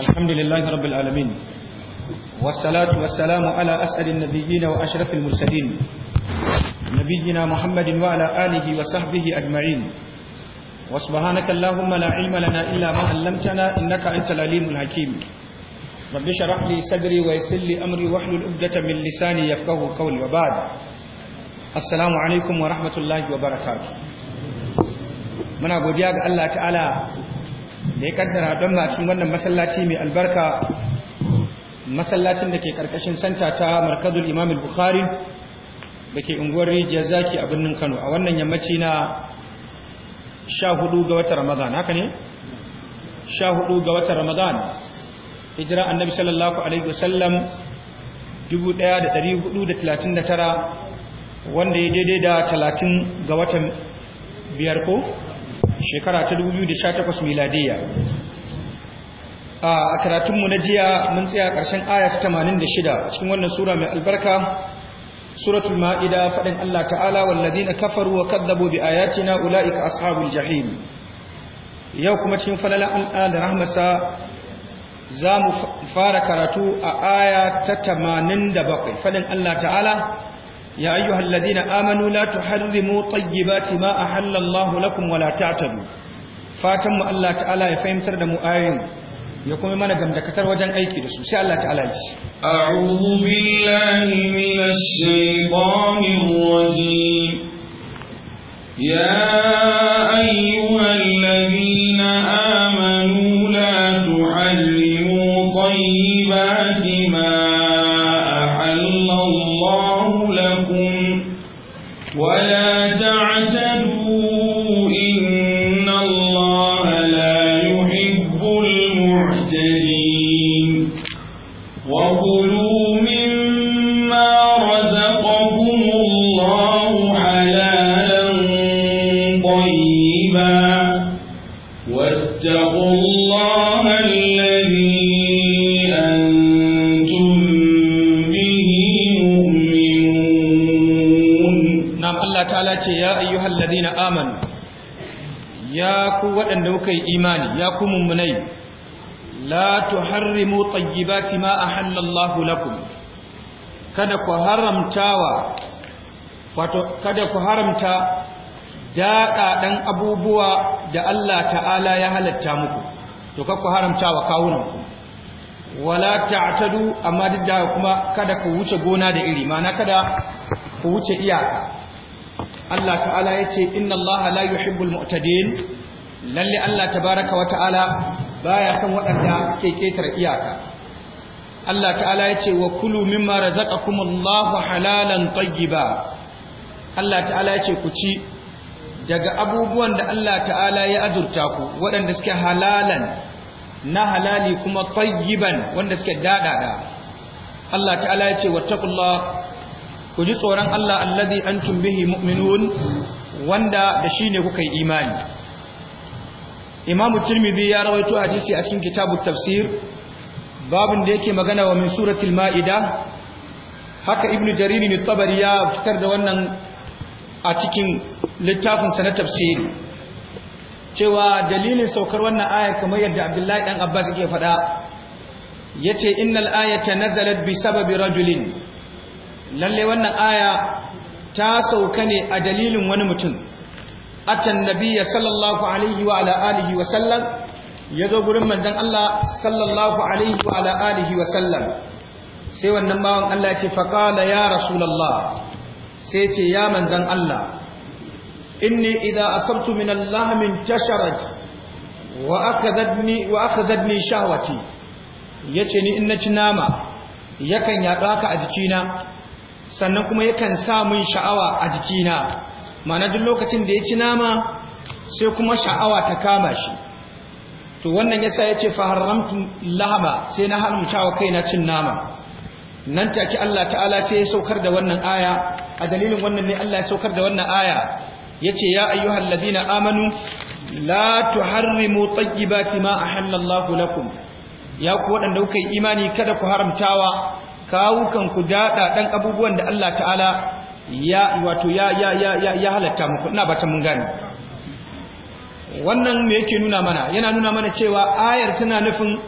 الحمد لله رب العالمين والصلاة والسلام على أسأل النبيين وأشرف المرسلين نبينا محمد وعلى آله وصحبه أجمعين وسبحانك اللهم لا علم لنا إلا ما علمتنا إنك أنت العليم الحكيم رب اشرح لي صدري ويسر لي أمري واحلل عقدة من لساني يفقهوا قولي وبعد السلام عليكم ورحمة الله وبركاته muna godiya ga Allah ta'ala da ya kaddara don cikin wannan masallaci mai albarka masallacin da ke karkashin santa ta markazul imam bukhari da ke unguwar rijiyar zaki a birnin kano a wannan yammaci na 14 ga watan ramadan haka ne 14 ga watan ramadan hijira annabi sallallahu alaihi wasallam 1439 wanda ya daidai da 30 ga watan biyar ko shekara ta 2018 miladiya a karatunmu na jiya mun tsaya ƙarshen aya ta 86 cikin wannan sura mai albarka suratul ma'ida faɗin Allah ta'ala wallazina kafaru wa kadzabu bi ayatina ulaika ashabul jahim yau kuma cikin falalan Allah da rahmasa za mu fara karatu a aya ta 87 faɗin Allah ta'ala يا أيها الذين آمنوا لا تحرموا طيبات ما أحل الله لكم ولا تعتدوا فاتم الله تعالى يفهم ترد مؤاين يقوم من جمد كتر وجن أيك رسول شاء الله تعالى أعوذ بالله من الشيطان الرجيم يا أيها الذين آمنوا لا تحرموا طيبات ما ولا تعلم amanu ya ku waɗanda muka yi imani ya ku mummunai la tuharrimu tayyibati ma ahallallahu lakum kada ku haramtawa wato kada ku haramta daɗaɗan abubuwa da Allah ta'ala ya halatta muku to ka ku haramtawa kawunanku wala ta'tadu amma duk kuma kada ku wuce gona da iri mana kada ku wuce iyaka Allah ta'ala ya ce inna Allah la yuhibbul mu'tadin lalle Allah tabaraka wa ta'ala baya son waɗanda suke ketare iyaka Allah ta'ala ya ce wa kulu mimma razaqakumullahu halalan tayyiba Allah ta'ala ya ce ku ci daga abubuwan da Allah ta'ala ya azurta ku waɗanda suke halalan na halali kuma tayyiban wanda suke dadada Allah ta'ala ya ce wattaqullaha ku ji tsoron Allah allazi antum bihi mu'minun wanda da shi ne kuka yi imani Imam Tirmidhi ya rawaito hadisi a cikin kitabut tafsir babin da yake magana wa min suratul maida haka Ibnu Jarir al-Tabari ya fitar da wannan a cikin littafin sa na tafsiri cewa dalilin saukar wannan aya kamar yadda Abdullahi dan Abbas yake faɗa yace innal ayata nazalat bi sababi rajulin lalle wannan aya ta sauka ne a dalilin wani mutum atan nabiyya sallallahu alaihi wa ala alihi wa sallam yazo gurin manzon Allah sallallahu alaihi wa ala alihi wa sallam sai wannan bawan Allah ya ce faqala ya rasulullah sai ce ya manzon Allah inni idza asabtu min Allah min tasharat wa akadadni wa akadadni shahwati yace ni in naci nama yakan yaɗa haka a jikina sannan kuma yakan sa min sha'awa a jikina mana duk lokacin da ya ci nama sai kuma sha'awa ta kama shi to wannan yasa ya ce haramtu lahama sai na haramtawa kaina cin nama nan take Allah ta'ala sai ya saukar da wannan aya a dalilin wannan ne Allah ya saukar da wannan aya yace ya ayyuhal ladina amanu la tuharrimu tayyibati ma ahallallahu lakum ya ku wadanda kuka yi imani kada ku haramtawa kawukan ku dada dan abubuwan da Allah ta'ala ya wato ya ya ya ya halatta muku ina bata mun gane wannan me yake nuna mana yana nuna mana cewa ayar tana nufin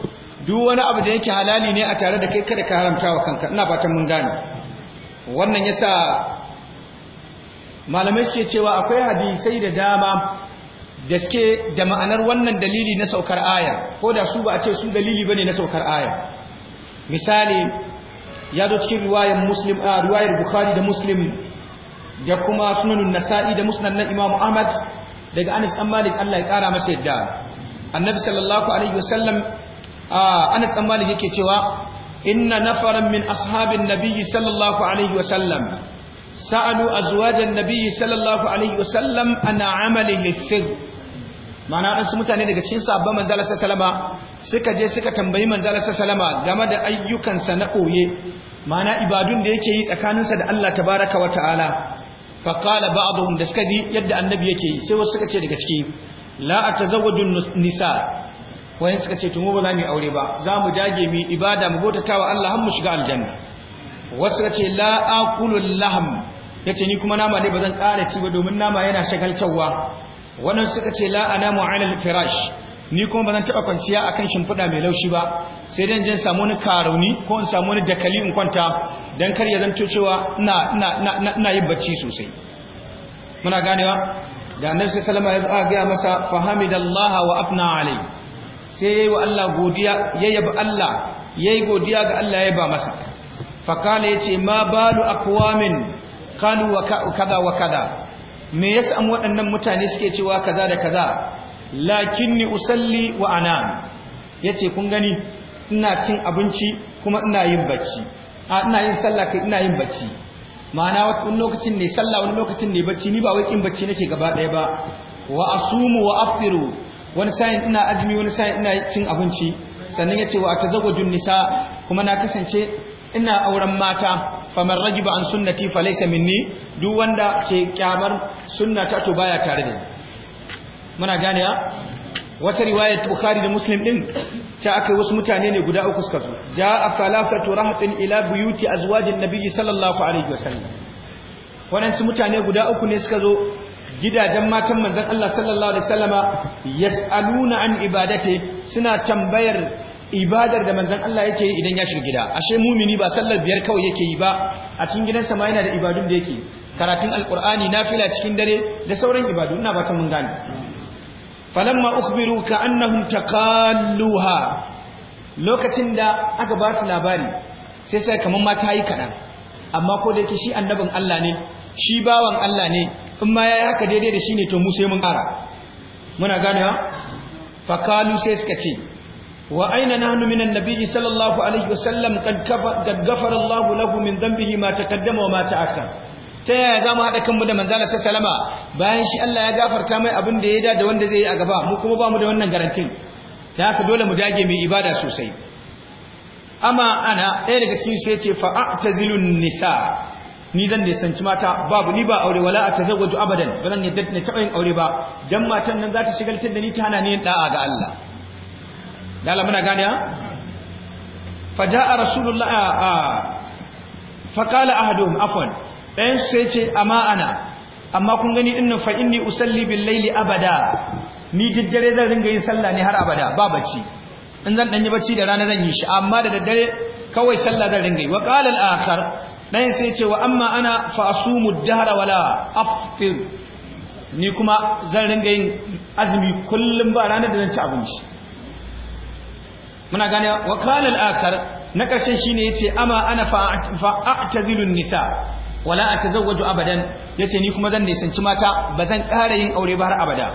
duk wani abu da yake halali ne a tare da kai kada ka haramta wa kanka ina bata mun gane wannan yasa malamai suke cewa akwai hadisai da dama da suke da ma'anar wannan dalili na saukar aya ko da su ba a ce su dalili bane na saukar aya misali ya zo cikin riwayar muslim a riwayar bukhari da muslim da kuma sunanun nasa'i da musnad na imam ahmad daga anas dan malik Allah ya kara masa yadda annabi sallallahu alaihi wasallam anas dan malik yake cewa inna nafaran min ashabin nabiyyi sallallahu alaihi wasallam sa'alu azwajan nabiyyi sallallahu alaihi wasallam ana amali lis ma'ana waɗansu mutane daga cikin sabon manzala sassalama suka je suka tambayi manzala sassalama game da ayyukansa na koye ma'ana ibadun da yake yi tsakaninsa da Allah tabaraka wa ta'ala faƙala ba'aduhum da suka ji yadda annabi yake yi sai wasu suka ce daga ciki la atazawwaju nisa wayan suka ce to mu ba za mu aure ba za mu dage mu ibada mu bautatawa Allah har mu shiga aljanna wasu suka ce la aqulu laham yace ni kuma nama ne ba zan ƙara ci ba domin nama yana shagaltawa wannan suka ce la anamu ala firash ni kuma bazan taba taɓa kwanciya akan shimfida mai laushi ba sai dan jin samu ni karauni ko in samu ni dakali in kwanta dan kar ya zanto cewa ina ina yin bacci sosai muna ganewa da annabi sallallahu alaihi wasallam ya ga masa fahamidallaha wa afna alai sai yayi wa Allah godiya yayi Allah yayi godiya ga Allah ya ba masa fakala yace ma balu aqwamin kanu wa kada wa kada me ya samu waɗannan mutane suke cewa kaza da kaza lakinni usalli wa ya yace kun gani ina cin abinci kuma ina yin bacci a ina yin sallah kai ina yin bacci ma'ana wani lokacin ne sallah wani lokacin ne bacci ni ba wai kin bacci nake gaba ɗaya ba wa asumu wa aftiru wani sa'in ina ajmi wani sa'in ina cin abinci sannan yace wa tazawwajun nisa kuma na kasance ina auren mata faman rajiba an sunnati falaysa minni duk wanda ke kyamar ta to baya tare da ni muna gane ya wata riwayat bukhari da muslim din ta akai wasu mutane ne guda uku suka zo ja'a falafatu rahatin ila buyuti azwajin nabiyyi sallallahu alaihi wasallam su mutane guda uku ne suka zo gidajen matan manzon Allah sallallahu alaihi wasallama yas'aluna an ibadati suna tambayar ibadar da manzan Allah yake yi idan ya shiga gida ashe mumini ba sallar biyar kawai yake yi ba a cikin gidan sama yana da ibadun da yake karatun na fila cikin dare da sauran ibadu ina ba ta mun gane falamma ukhbiru ka annahum taqalluha lokacin da aka ba su labari sai sai kaman ma ta yi kadan amma ko da yake shi annabin Allah ne shi bawan Allah ne in ma yayi haka daidai da shi ne to mu sai mun kara muna ganewa fakalu sai suka ce وأين نحن sallallahu alaihi صلى الله عليه وسلم قد غفر الله له من ذنبه ما تقدم وما تأخر ta yaya za mu haɗa kanmu da manzala sai bayan shi Allah ya gafarta mai abin da ya da wanda zai yi a gaba mu kuma ba mu da wannan garantin Ta haka dole mu dage mai ibada sosai amma ana ɗaya daga cikin sai ce fa'atazilun nisa ni zan sanci mata babu ni ba aure wala atazawwaju abadan bazan ne taɓa yin aure ba dan matan nan za ta shigaltar da ni ta hana ni yin da'a ga Allah dala muna gane ha faja'a rasulullah a faqala ahaduhum afwan sai ce amma ana amma kun gani din fa inni usalli bil laili abada ni daddare zan ringa yin sallah ne har abada ba bacci in zan dan yi bacci da rana zan yi shi amma da daddare kawai sallah zan ringa yi wa qala al akhar sai ce wa amma ana fa asumu dahra wala aftir ni kuma zan ringa yin azumi kullum ba ranar da zan ci abinci muna gane wa kalal akar na ƙarshen shine yace ama ana fa'atazilun nisa wala a atazawwaju abadan yace ni kuma zan nisanci mata zan ƙara yin aure ba har abada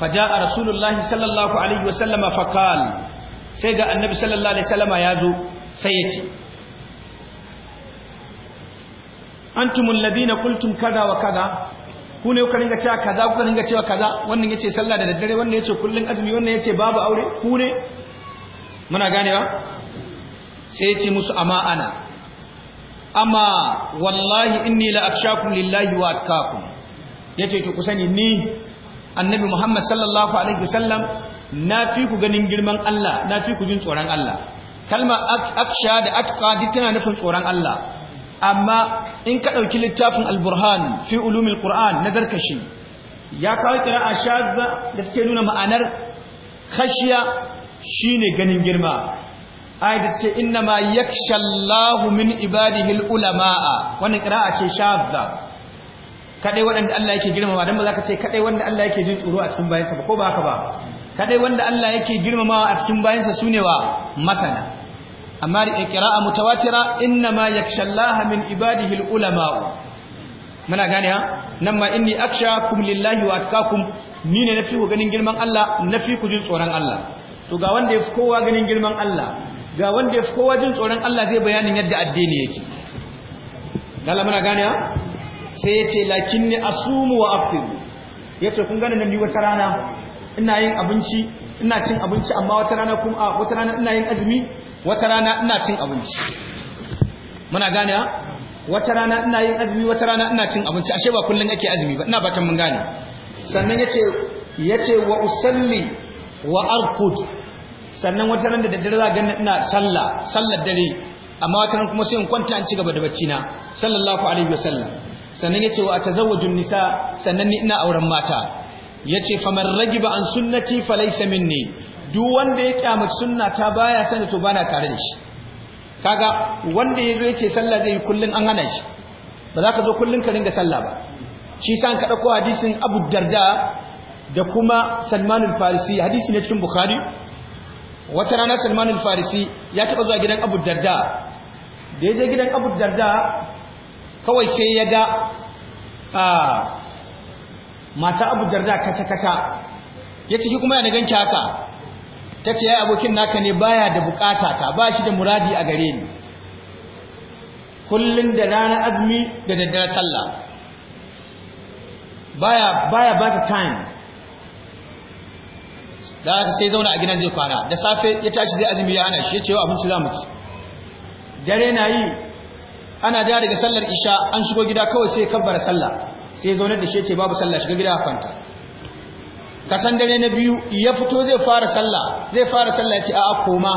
a rasulullahi sallallahu alaihi wasallama faqal sai ga annabi sallallahu alaihi wasallama zo sai ya An tumun antumul na qultum kaza wa kaza ku ne kuka ringa cewa kaza kuka ringa cewa kaza wannan ya ce sallah da daddare wannan ya ce kullum azumi wannan ya ce babu aure ku ne muna ganewa sai ce musu amma ana amma wallahi inni la lillahi wa atqakum yace to ku sani ni annabi Muhammad sallallahu alaihi wasallam na fi ku ganin girman Allah na fi ku jin tsoron Allah kalma aksha da atqa duk tana nufin tsoron Allah amma in ka dauki littafin al-burhan fi ulumil qur'an na darkashi ya kawo kira ashadda da take nuna ma'anar khashiya Shi ne ganin girma ayat ce inna ma yakhshallahu min ibadihi alulamaa wannan qira'a ce shadda Kaɗai waɗanda Allah yake girmama Don ba za ka ce kaɗai wanda Allah yake jin tsoro a cikin bayansa ba ko ba haka ba Kaɗai wanda Allah yake girmama a cikin bayansa su ne wa masana amma da qira'a mutawatira inna ma yakhshallaha min ibadihi alulamaa muna gane ha nan ma inni kum lillahi wa atqakum ni ne na fi ku ganin girman Allah na fi ku jin tsoron Allah to ga wanda ya fi kowa ganin girman Allah ga wanda ya fi kowa jin tsoron Allah zai bayanin yadda addini yake dala muna gane sai ya ce lakinni asumu wa aftiru yace kun gane nan ni wata rana ina yin abinci ina cin abinci amma wata rana kuma wata rana ina yin azumi wata rana ina cin abinci muna gane wata rana ina yin azumi wata rana ina cin abinci ashe ba kullun ake azumi ba ina batan mun gane sannan yace ce wa usalli wa Arkud. sannan wata ran da daddare za ga ina sallah sallar dare amma wata ran kuma sai in kwanta in ci gaba da bacci na sallallahu alaihi wasallam sannan yace wa atazawwaju nisa sannan ni ina auren mata yace faman ragiba an sunnati falaysa minni duk wanda ya kyamu sunna ta baya sanin to bana tare da shi kaga wanda yazo yace sallah zai kullun an hana shi ba za ka zo kullun ka ringa sallah ba shi sa ka dauko hadisin Abu Darda da kuma Salman al-Farisi hadisi ne cikin Bukhari wata rana salman farisi ya taba zuwa gidan abu darda da ya je gidan abu darda kawai sai ya ga mata abu darda kata-kata ya ciki kuma yana ganki haka ta ce ya abokin naka ne baya da bukata ta ba shi da muradi a gare ni kullum da rana azumi da daddare sallah baya baya ba ta time da aka sai zauna a gidan zai kwana da safe ya tashi zai azumi ya ana shi ya ce wa abinci za mu ci dare na yi ana da daga sallar isha an shigo gida kawai sai kabbara sallah sai zaune da shi ya ce babu sallah shiga gida kwanta kasan dare na biyu ya fito zai fara sallah zai fara sallah ya ce a'a koma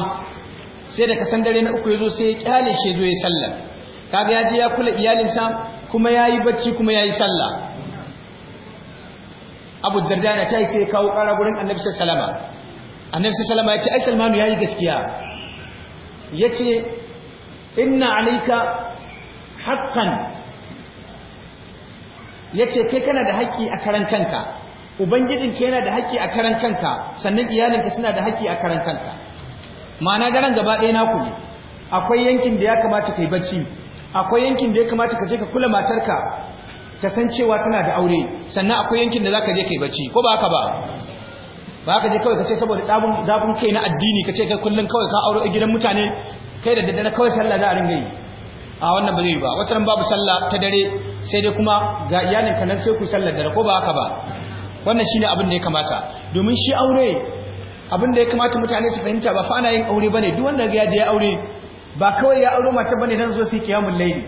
sai da kasan dare na uku ya zo sai ya kyale shi ya zo ya sallah kaga ya je ya kula iyalinsa kuma ya yi bacci kuma ya yi sallah abu darda na ta sai kawo kara gurin annabi sallama annabi sallama ya ce ai salmanu yayi gaskiya ya ce inna alayka haqqan ce kai kana da haƙƙi a karan kanka ke yana da haƙƙi a karan kanka sannan iyalinka suna da haƙƙi a karan kanka ma'ana daren gaba ɗaya naku ne akwai yankin da ya kamata kai bacci akwai yankin da ya kamata ka je ka kula matarka Kasancewa tana da aure sannan akwai yankin da zaka je kai bacci ko ba haka ba ba haka je kawai ka ce saboda tsabun zafin kai na addini ka ce kai kullum kawai ka auro a gidan mutane kai da daddare kawai sallah za a ringa yi a wannan ba zai ba wata ran babu sallah ta dare sai dai kuma ga iyalin ka nan sai ku sallar dare ko ba haka ba wannan shine abin da ya kamata domin shi aure abin da ya kamata mutane su fahimta ba fa ana yin aure bane duk wanda ga ya aure ba kawai ya auro mace bane dan zo su yi kiyamul layli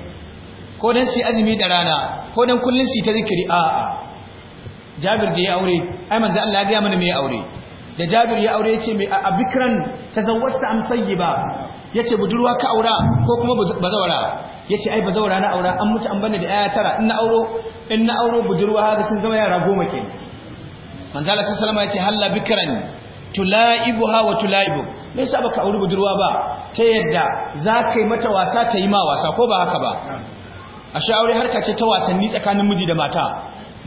ko dan su azumi da rana ko dan kullun su ta zikiri a'a Jabir da ya aure ai manzo Allah ya ga mana me ya aure da Jabir ya aure yace mai abikran tazawwata am sayyiba yace budurwa ka aura ko kuma bazawara yace ai bazawara na aura an mutu an bani da aya tara in na auro inna auro budurwa haka sun zama yara goma ke manzo Allah sallallahu alaihi yace hal bikran tulaibuha wa tulaibu me yasa baka auri budurwa ba ta yadda za kai mata wasa ta yi ma wasa ko ba haka ba a sha aure harka ce ta wasanni tsakanin miji da mata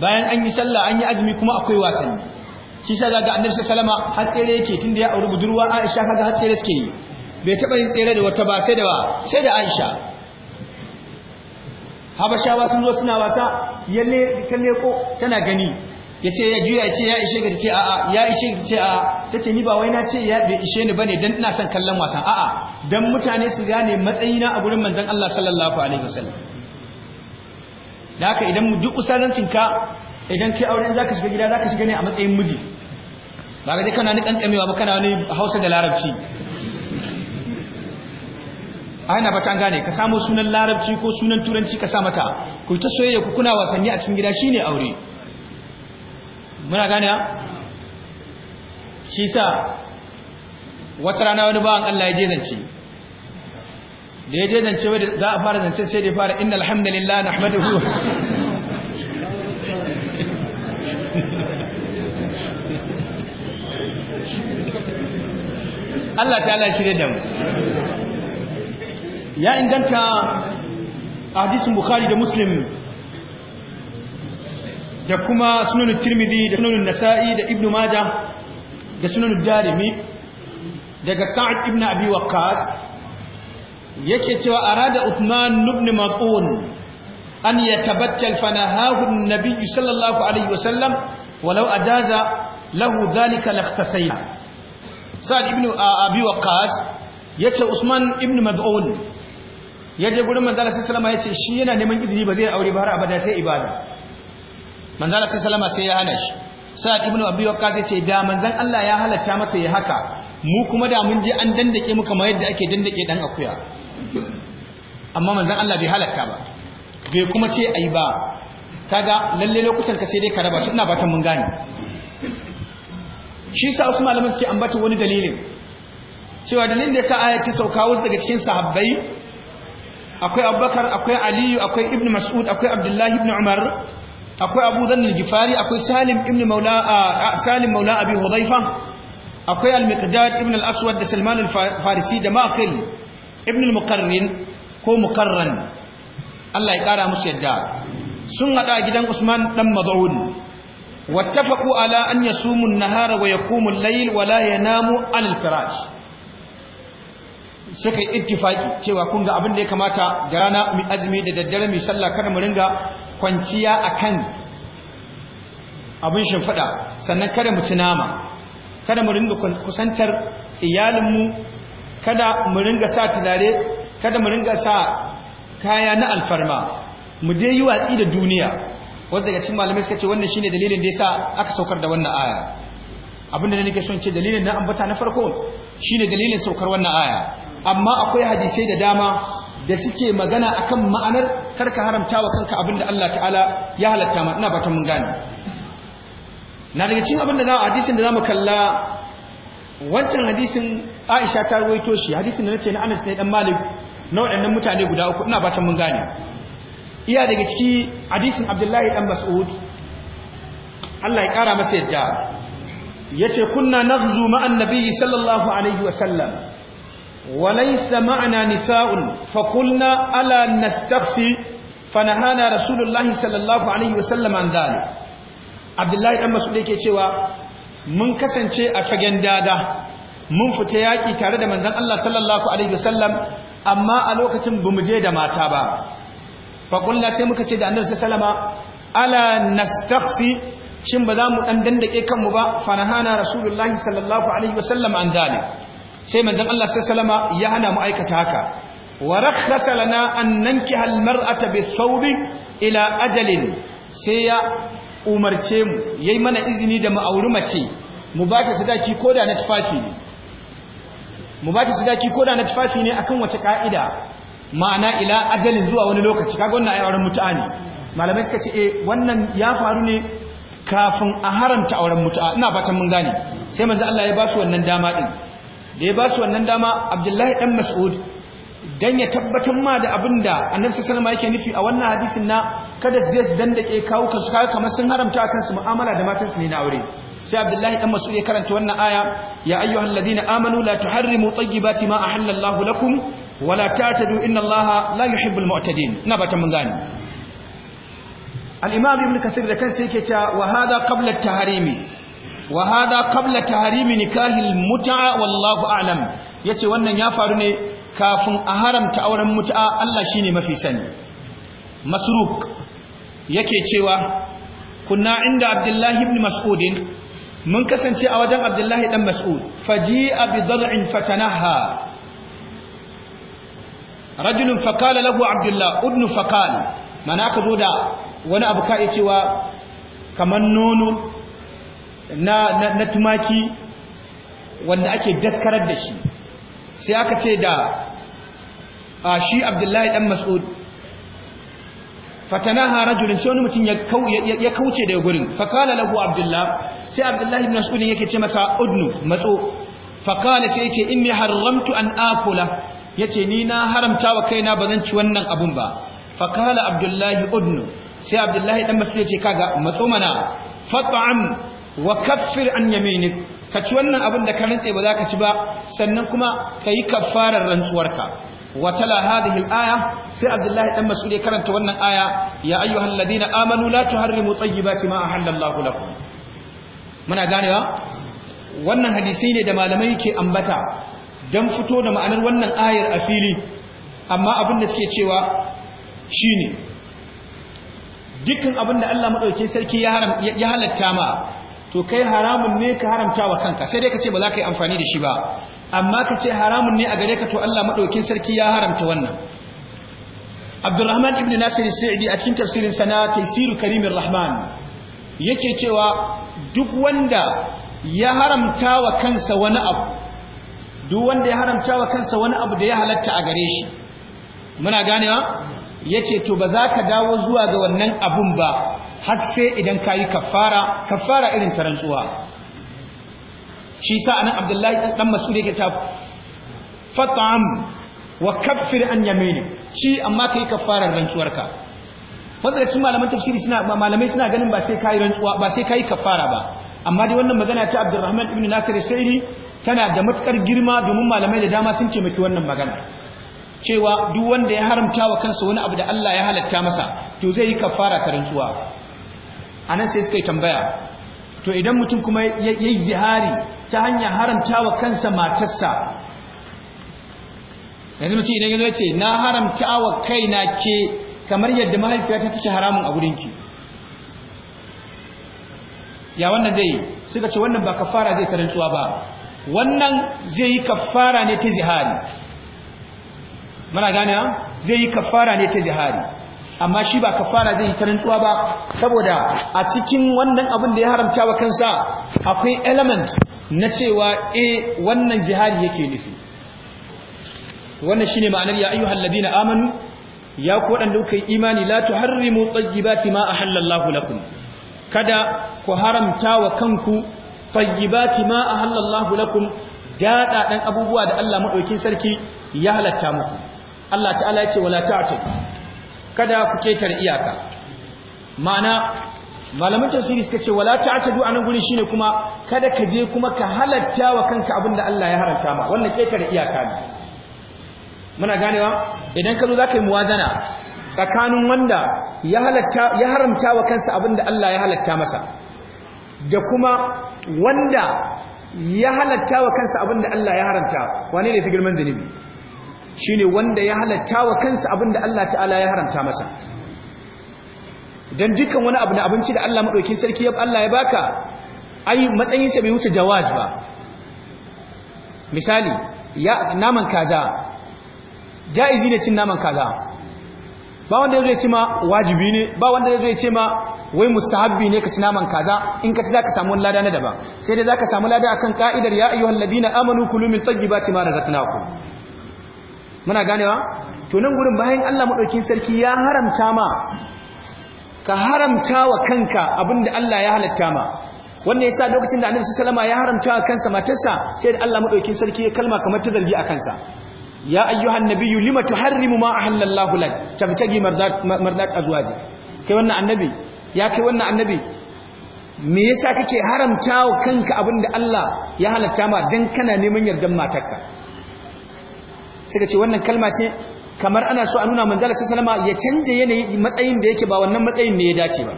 bayan an yi sallah an yi azumi kuma akwai wasanni shi sa daga annabi sallama har tsere yake tunda ya auri budurwa Aisha kaga har tsere suke yi bai taba yin tsere da wata ba sai da sai da Aisha Habashawa sun zo suna wasa yalle ta ko tana gani yace ya juya yace ya ishe ga tace a'a ya ishe ga tace a'a tace ni ba wai na ce ya bai ishe ni bane dan ina son kallon wasan a'a dan mutane su gane matsayina a gurin manzon Allah sallallahu alaihi wasallam da haka idan mu duk usalancin ka idan kai auren zaka shiga gida zaka shiga ne a matsayin miji ba ga kana ni kankamewa ba kana ni Hausa da Larabci ana ba ta gane ka samu sunan Larabci ko sunan Turanci ka sa mata ku ta soyayya ku kuna wasanni a cikin gida shine aure muna gane shi sa wata rana wani bawan Allah ya je zance da ya je zance wadda za a fara zance sai da fara inna alhamdulillah na ahmadu Allah ta Allah da mu ya inganta hadisin bukhari da muslim da kuma sunan tirmidhi da sunan nasa'i da ibnu majah da sunan darimi daga sa'ad ibn abi waqqas yake cewa arada Uthman ibn Maqun an yatabattal fanahahu an-nabiy sallallahu alaihi wasallam walau ajaza lahu dhalika lakhtasayna Sa'ad ibn uh, Abi Waqqas yace Usman ibn Mad'un yaje gurin Manzala Allah sallallahu alaihi yace shi yana neman izini ba zai aure ba har abada sai ibada manzo Allah sallallahu alaihi sai ya hana shi Sa'ad ibn Abi Waqqas yace da manzon Allah ya halatta masa ya haka mu kuma da mun je an dandake mu kamar yadda ake dandake dan akuya amma manzan Allah bai halatta ba bai kuma ce a yi ba kaga lalle lokutan ka sai dai ka raba su ina fatan mun gane shi sa wasu malaman suke ambata wani dalilin cewa dalilin da ya sa ayat ta sauka wasu daga cikin sahabbai akwai abubakar akwai aliyu akwai ibn mas'ud akwai abdullahi ibn umar akwai abu dhan al akwai salim ibn maula salim maula abi hudhaifa akwai al-miqdad ibn al-aswad da salman al-farisi da maqil ibn al-muqarrin ko muqarran Allah ya kara musu yadda sun hada gidan Usman dan Mad'un wattafaqu ala an yasumu an-nahara wa yaqumu al-layl wa la yanamu al-firash suka ittifaki cewa kun ga abin da ya kamata da rana mu azumi da daddare mu sallah kada mu ringa kwanciya akan abin shimfiɗa sannan kada mu ci nama kada mu ringa kusantar iyalinmu kada mu ringa sa tunare kada mu ringa sa kaya na alfarma mu je yi watsi da duniya wanda daga cikin malamai suka ce wannan shine dalilin da yasa aka saukar da wannan aya abinda da nake son ce dalilin na ambata na farko shine dalilin saukar wannan aya amma akwai hadisai da dama da suke magana akan ma'anar karka haramta wa kanka abinda Allah ta'ala ya halatta ma ina fatan mun gane na daga cikin abinda na hadisin da zamu kalla wancan hadisin Aisha ta ruwaito shi hadisin da nace na Anas ne dan Malik na waɗannan mutane guda uku ina fatan mun gane iya daga ciki hadisin Abdullahi dan Mas'ud Allah ya kara masa yadda yace kunna naghzu ma'an nabiyyi sallallahu alaihi wa sallam wa laysa ma'ana nisa'un fa qulna ala nastaghfi fanahana rasulullahi sallallahu alaihi sallam an dhalik abdullahi dan masud yake cewa mun kasance a fagen dada mun fita yaƙi tare da manzan Allah sallallahu alaihi wasallam amma a lokacin ba mu je da mata ba Faƙulla sai muka ce da annabi sallama ala nastakhsi shin ba za mu ɗan dandake kanmu ba fanahana rasulullahi sallallahu alaihi wasallam an dalik sai manzan Allah sallallahu ya hana mu aikata haka wa rakhasa lana an nankiha almar'ata bisawbi ila ajalin sai ya umarce mu ya yi mana izini da mu auri mace mu ba ta sadaki koda na tufafi ne mu ba ta sadaki koda na tufafi ne akan wace ka'ida ma'ana ila ajalin zuwa wani lokaci kaga wannan auren mutu'a ne malamai suka ce eh wannan ya faru ne kafin a haramta auren mutu'a ina fatan mun gane sai manzo Allah ya ba su wannan dama din da ya ba su wannan dama Abdullahi dan Mas'ud dan ya tabbatar ma da abin da annabi sallallahu yake nufi a wannan hadisin na kada su je su dandake kawo kansu kaga kamar sun haramta akan su mu'amala da matansu ne na aure sai abdullahi dan masu ya karanta wannan aya ya ayyuhal ladina amanu la tuharrimu tayyibati ma ahalla Allahu lakum wa la ta'tadu inna Allaha la yuhibbul mu'tadin ina batan mun gane al-imam ibn kasir da kansa yake cewa wa hada qabla at-tahrimi wa hada qabla tahrimi nikahil mut'a wallahu a'lam yace wannan ya faru ne kafin a haramta auren mutu'a Allah shine mafi sani masruq yake cewa kunna inda abdullahi ibn Mas'udin? mun kasance a wajen abdullahi dan mas'ud faji'a bi dar'in fatanaha rajulun faqala lahu abdullah ibn mana ka zo da wani abu ka cewa kamar nono na na tumaki wanda ake daskarar da shi sai aka ce da a shi abdullahi ɗan mas'ud fatanaha rajulun sai wani mutum ya kauce daga gurin fakala lahu abdullah sai abdullahi ibn mas'ud yake ce masa udnu matso fakala sai ce in inni haramtu an akula ce ni na haramta wa kaina bazan ci wannan abun ba fakala abdullahi udnu sai abdullahi ɗan mas'ud ya ce kaga matso mana fat'am wa kaffir an yaminik ka ci wannan abin da ka rantse ba za ka ci ba sannan kuma ka yi kafarar rantsuwarka وتلا هذه الآية sai abdullahi الله بن مسعود karanta wannan aya ya ayyuhal ladina amanu la tuharrimu tayyibati ma ahallallahu lakum muna ganewa wannan hadisi ne da malamai ke ambata dan fito da ma'anar wannan ayar asili amma abin da suke cewa shine dukkan abin da Allah madauke sarki ya haram ya halatta ma to kai haramun ne ka haramta wa kanka sai dai ka ce ba za ka yi amfani da shi ba amma ka ce haramun ne a gare ka to Allah madaukin sarki ya haramta wannan Abdurrahman ibn Nasir Sa'idi a cikin tafsirin sa na Tafsir Karimir Rahman yake cewa duk wanda ya haramta wa kansa wani abu duk wanda ya haramta wa kansa wani abu da ya halatta a gare shi muna ganewa yace to ba za ka dawo zuwa ga wannan abun ba har sai idan kayi kafara kafara irin ta rantsuwa shi sa anan abdullahi dan da yake ta fat'am wa kaffir an yamini shi amma kai rantsuwar rantsuwarka wanda sun malaman tafsiri suna malamai suna ganin ba sai kai rantsuwa ba sai ka kai kafara ba amma dai wannan magana ta Abdurrahman ibn Nasir sairi tana da matukar girma domin malamai da dama sun taimaki wannan magana cewa duk wanda ya haramta wa kansa wani abu da Allah ya halatta masa to zai yi kafara ta rantsuwa anan sai suka yi tambaya to idan mutum kuma ya yi zihari ta hanyar wa kansa matarsa yanzu mutum idan yanzu ce na haramta haramtawa kaina ke kamar yadda mahaifiyata take haramun a gurinki ya wannan zai suka ce wannan ba kafara zai tarantsuwa ba wannan zai yi kafara ne ta zihari mana gane zai yi kafara ne ta zihari amma shi ba kafara zai yi karantsuwa ba saboda a cikin wannan abin da ya haramta wa kansa akwai element na cewa eh wannan jihadi yake nufi wannan shine ma'anar ya ayyuhal ladina amanu ya ku wadanda kuka yi imani la tuharrimu tayyibati ma ahallallahu lakum kada ku haramta wa kanku tayyibati ma ahallallahu lakum daɗaɗan abubuwa da Allah maɗaukin sarki ya halatta muku Allah ta'ala ya ce wala ta'tad kada ku ketar iyaka ma'ana malaman tafsiri suka ce wala ta'tadu anan guri shine kuma kada ka je kuma ka halatta wa kanka abinda Allah ya haranta ma wannan ketar iyaka ne muna ganewa idan ka zo zaka yi muwazana tsakanin wanda ya halatta ya haramta wa kansa abinda Allah ya halatta masa da kuma wanda ya halatta wa kansa abinda Allah ya haramta wane ne fi girman zanibi. Shi ne wanda ya halatta wa kansa abin da Allah ta'ala ya haramta masa Don dukkan wani abu na abinci da Allah maɗauki sarki ya Allah ya baka ai matsayin sa bai wuce jawaz ba misali ya naman kaza jaizi ne cin naman kaza ba wanda ya ya ce ma wajibi ne ba wanda ya ya ce ma wai mustahabbi ne ka ci naman kaza in ka ci zaka samu lada na daban sai dai zaka samu lada akan ka'idar ya ayyuhal ladina amanu kulu min tayyibati ma razaqnakum muna ganewa to nan gurin bayan Allah madaukin sarki ya haramta ma ka haramta wa kanka abinda Allah ya halatta ma wannan yasa lokacin da Annabi sallama ya haramta wa kansa matarsa sai da Allah madaukin sarki ya kalma kamar ta zargi a kansa ya ayyuhan nabiyyu lima tuharrimu ma ahallallahu lak tabtagi mardat mardat azwaji kai wannan annabi ya kai wannan annabi me yasa kake haramta wa kanka abinda Allah ya halatta ma dan kana neman yardan matarka suka ce wannan kalma ce kamar ana so a nuna manzala sallama ya canje yanayi matsayin da yake ba wannan matsayin ne ya dace ba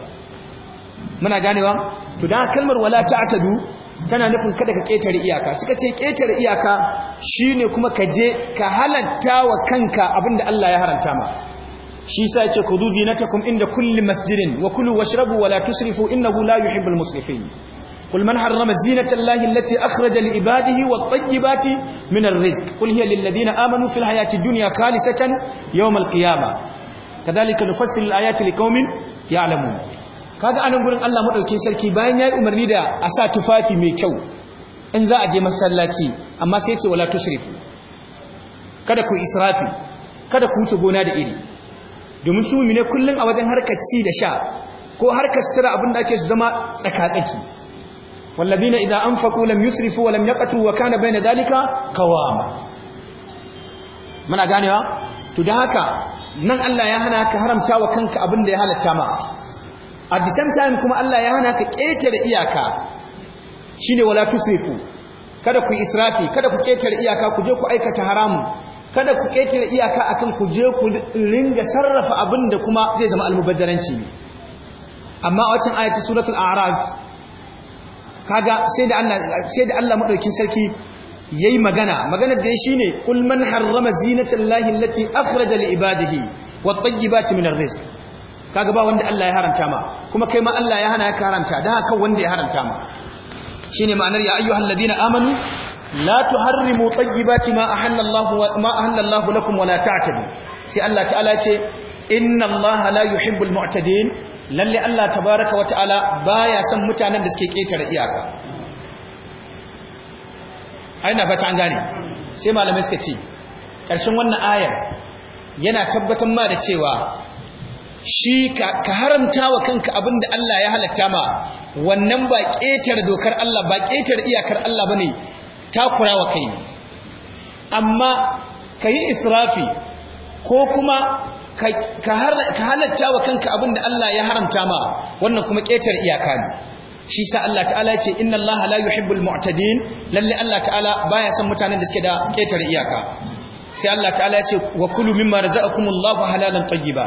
muna ganewa to dan kalmar wala ta'tadu tana nufin kada ka ketare iyaka suka ce ketare iyaka shine kuma ka je ka halatta wa kanka abinda Allah ya haranta ma shi yasa yace kudu zinatakum inda kulli masjidin wa kulu washrabu wala tusrifu innahu la yuhibbul musrifin قل من حرم زينة الله التي أخرج لعباده والطيبات من الرزق قل هي للذين آمنوا في الحياة الدنيا خالصة يوم القيامة كذلك نفصل الآيات لقوم يعلمون kaga anan gurin Allah madauke sarki bayan yayi umarni da a sa tufafi mai kyau in za a je masallaci amma sai ce wala tusrifu kada ku israfi kada ku wuce gona da iri domin su ne kullum a wajen harkar ci da sha ko harkar sutura abin da ake zama tsaka-tsaki والذين إذا أنفقوا لم يسرفوا ولم يقتروا وكان بين ذلك قواما من أغانيها تدهك نن الله يهنا كهرم تاوى كنك أبن ليها للتماع at the same time kuma Allah ya hana ka ƙetare iyaka shine wala tusrifu kada ku israfi kada ku ƙetare iyaka ku je ku aikata haramun kada ku ƙetare iyaka akan ku je ku ringa sarrafa abin da kuma zai zama almubazzaranci ne amma a wacin ayatu suratul a'raf kaga sai da Allah sai da Allah madaukin sarki yayi magana magana da shine kul man harrama zinatallahi allati akhraja li ibadihi wat-tayyibati minar rizq kaga ba wanda Allah ya haranta ma kuma kai ma Allah ya hana ya karanta da haka wanda ya haranta ma shine ma'anar ya ayyuhal ladina amanu la tuharrimu tayyibati ma ahalla Allah ma ahalla Allah lakum wa la ta'tadu sai Allah ta'ala ce inna allaha la yuhibbul mu'tadin lalle Allah tabaaraka wa ta'ala baya son mutanen da suke ketare iyaka aina fata an gane sai malamai suka ce ƙarshen wannan ayar yana tabbatar ma da cewa shi ka haramta wa kanka abin da Allah ya halatta ma wannan ba ƙetar dokar Allah ba ƙetar iyakar Allah ba ne takura wa kai amma ka yi israfi ko kuma ka halatta wa kanka abin da Allah ya haramta ma wannan kuma ƙetar iyaka ne shi sa Allah ta'ala ce inna Allah la yuhibbul mu'tadin lalle Allah ta'ala baya son mutanen da suke da ƙetar iyaka sai Allah ta'ala ya ce wa kulu mimma razaqakumullahu halalan tayyiba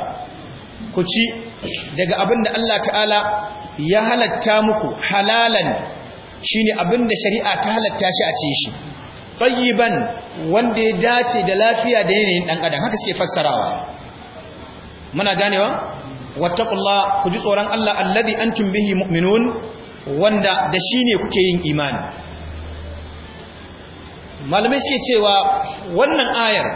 ku ci daga abin da Allah ta'ala ya halatta muku halalan shine abin da shari'a ta halatta shi a ce shi tayyiban wanda ya dace da lafiya da yanayin dan adam haka suke fassarawa muna ganewa wattaqullah ku ji tsoron Allah alladhi antum bihi mu'minun wanda da shi kuke yin imani malamai suke cewa wannan ayar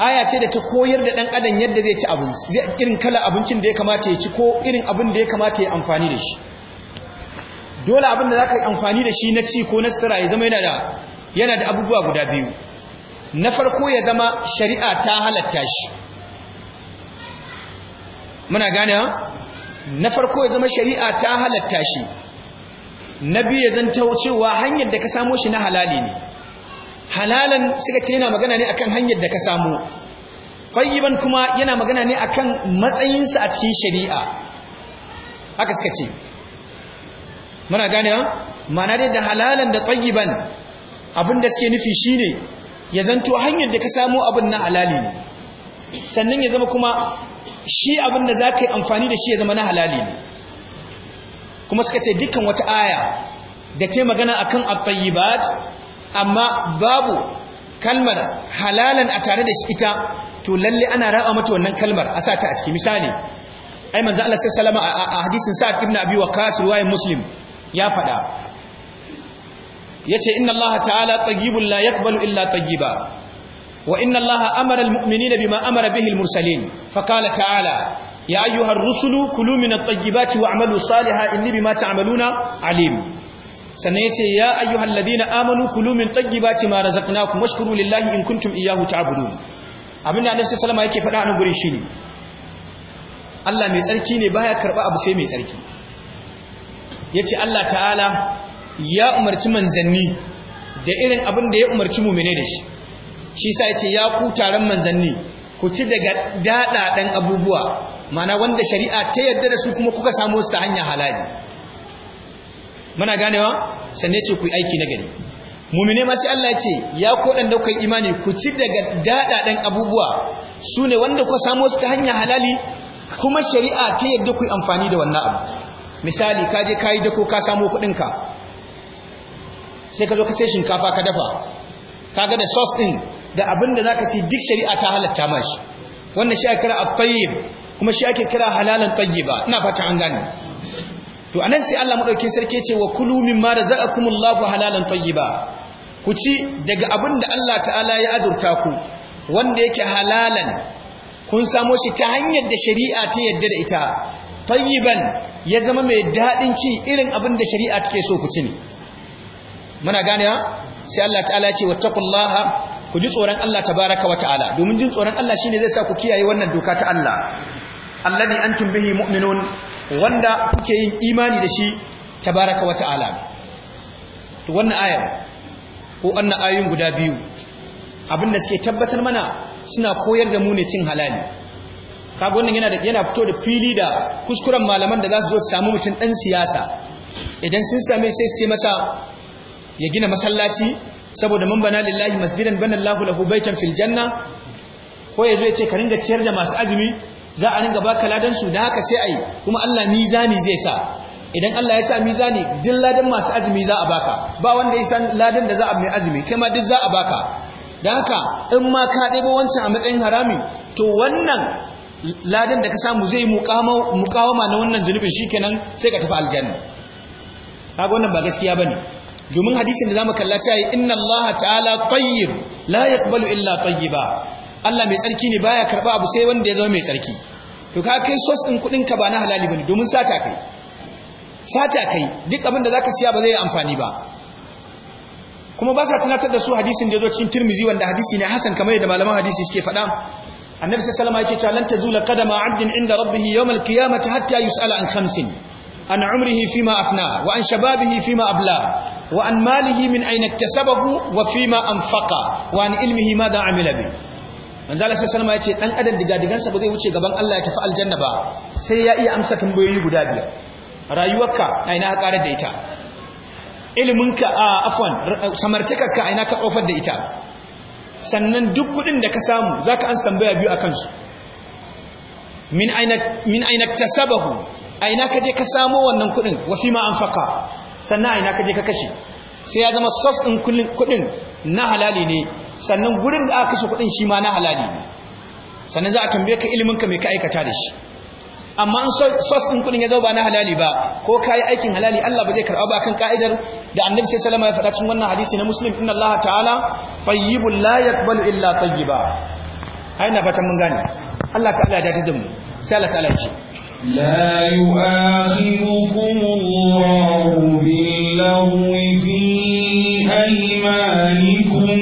aya ce da ta koyar da dan adam yadda zai ci abinci zai irin kala abincin da ya kamata ya ci ko irin abin da ya kamata ya amfani da shi dole abin da zaka yi amfani da shi na ci ko na tsira ya zama yana da yana da abubuwa guda biyu na farko ya zama shari'a ta halatta shi muna gane na farko ya zama shari'a ta halatta shi na biyu ya zanta cewa hanyar da ka samo shi na halali ne halalan suka ce yana magana ne akan hanyar da ka samo tayyiban kuma yana magana ne akan matsayinsa a cikin shari'a haka suka ce muna gane ma'ana dai da halalan da tayyiban abin da suke nufi shine ya zanto hanyar da ka samo abin na halali ne sannan ya zama kuma shi abin da za ka yi amfani da shi ya zama na halali ne kuma suka ce dukkan wata aya da ta magana akan abayi ba amma babu kalmar halalan a tare da shi ita to lalle ana raba mata wannan kalmar a sata a ciki misali ai manzo Allah sallallahu alaihi wasallam a hadisin sa'ad ibn abi waqas riwayat muslim ya fada yace inna Allah ta'ala tayyibun la yaqbalu illa ba. وإن الله أمر المؤمنين بما أمر به المرسلين فقال تعالى يا أيها الرسل كلوا من الطيبات واعملوا صالحا إني بما تعملون عليم سنيتي يا أيها الذين آمنوا كلوا من طيبات ما رزقناكم واشكروا لله إن كنتم إياه تعبدون abinda annabi sallallahu alaihi wasallam yake faɗa a nan gurin shine Allah mai tsarki ne baya karba abu sai mai tsarki yace Allah ta'ala ya umarci manzanni da irin abin da ya umarci mu'mine da shi shi sa ce ya ku taron manzanni ku ci daga daɗaɗen abubuwa mana wanda shari'a ta yarda da su kuma kuka samu wasu ta hanya halali muna ganewa sannan ce ku aiki na gari mumine ma sai Allah ya ce ya koɗan daukar imani ku ci daga daɗaɗen abubuwa su ne wanda kuka samu wasu ta hanya halali kuma shari'a ta yarda ku amfani da wannan abu misali ka je kayi dako ka samo kuɗinka sai ka zo ka sai shinkafa ka dafa kaga da sauce din da abin da zaka ci duk shari'a ta halatta ma shi wannan shi ake kira at-tayyib kuma shi ake kira halalan tayyiba ina fata an gane to anan sai Allah madaukakin sarki ce wa kulu mimma razaqakumullahu halalan tayyiba ku ci daga abin da Allah ta'ala ya azurta ku wanda yake halalan kun samo shi ta hanyar da shari'a ta yadda da ita tayyiban ya zama mai daɗin ci irin abin da shari'a take so ku ci ne muna gane sai Allah ta'ala ce wattaqullaha ku ji tsoron Allah tabaraka wa ta'ala domin jin tsoron Allah shine zai sa ku kiyaye wannan doka ta Allah alladhi antum bihi mu'minun wanda kuke yin imani da shi tabaraka wa ta'ala to wannan ayar ko annan ayoyin guda biyu abin da suke tabbatar mana suna koyar da mu ne cin halali kaga wannan yana yana fito da fili da kuskuren malaman da za su zo su samu mutum dan siyasa idan sun same sai su ce masa ya gina masallaci saboda mun bana lillahi masjidan bana lahu lahu baitan fil janna ko yazo yace ka ringa ciyar da masu azumi za a ringa baka ladan su da haka sai ai kuma Allah mizani zai sa idan Allah ya sa mizani duk ladan masu azumi za a baka ba wanda ya san ladan da za a mai azumi kai ma duk za a baka da haka in ma ka ɗebo wancan a matsayin harami to wannan ladan da ka samu zai muƙawama na wannan zunubin shikenan sai ka tafi aljanna kaga wannan ba gaskiya bane domin hadisin da zamu kalla cewa inna allaha ta'ala tayyib la yaqbalu illa tayyiba Allah mai tsarki ne baya karba abu sai wanda ya zama mai tsarki to ka kai sos din kudin ka ba na halali bane domin sata kai sata kai duk abin da zaka siya ba zai amfani ba kuma ba sa tunatar da su hadisin da ya zo cikin Tirmizi wanda hadisi ne hasan kamar yadda malaman hadisi suke faɗa annabi sallallahu alaihi wasallam yake cewa lan tazula qadama 'abdin inda rabbih yawm al-qiyamah hatta yus'ala an khamsin عن عمره فيما أفناه وعن شبابه فيما أبلاه ya ce dan adam diga digansa ba zai wuce gaban Allah ya tafi aljanna ba sai ya iya amsa tambayoyi guda biyar rayuwarka a ina ka da ita iliminka a afwan samartakarka a ina ka tsofar da ita sannan duk kuɗin da ka samu zaka an tambaya biyu a kansu? min aina min aina a ina ka je ka samo wannan kuɗin wasi ma an sannan a ina ka je ka kashe sai ya zama sos ɗin kuɗin na halali ne sannan gurin da aka kashe kuɗin shi ma na halali ne sannan za a tambaye ka ilimin ka me ka aikata da shi amma in sos ɗin kuɗin ya zo ba na halali ba ko ka yi aikin halali Allah ba zai karɓa ba kan ka'idar da annabi sai salama ya faɗa cikin wannan hadisi na muslim inna Allah ta'ala tayyibul la yaqbalu illa tayyiba aina fatan mun gane Allah ta'ala ya dace da mu sai Allah ta'ala ya ce لا يؤاخذكم الله باللغو في أيمانكم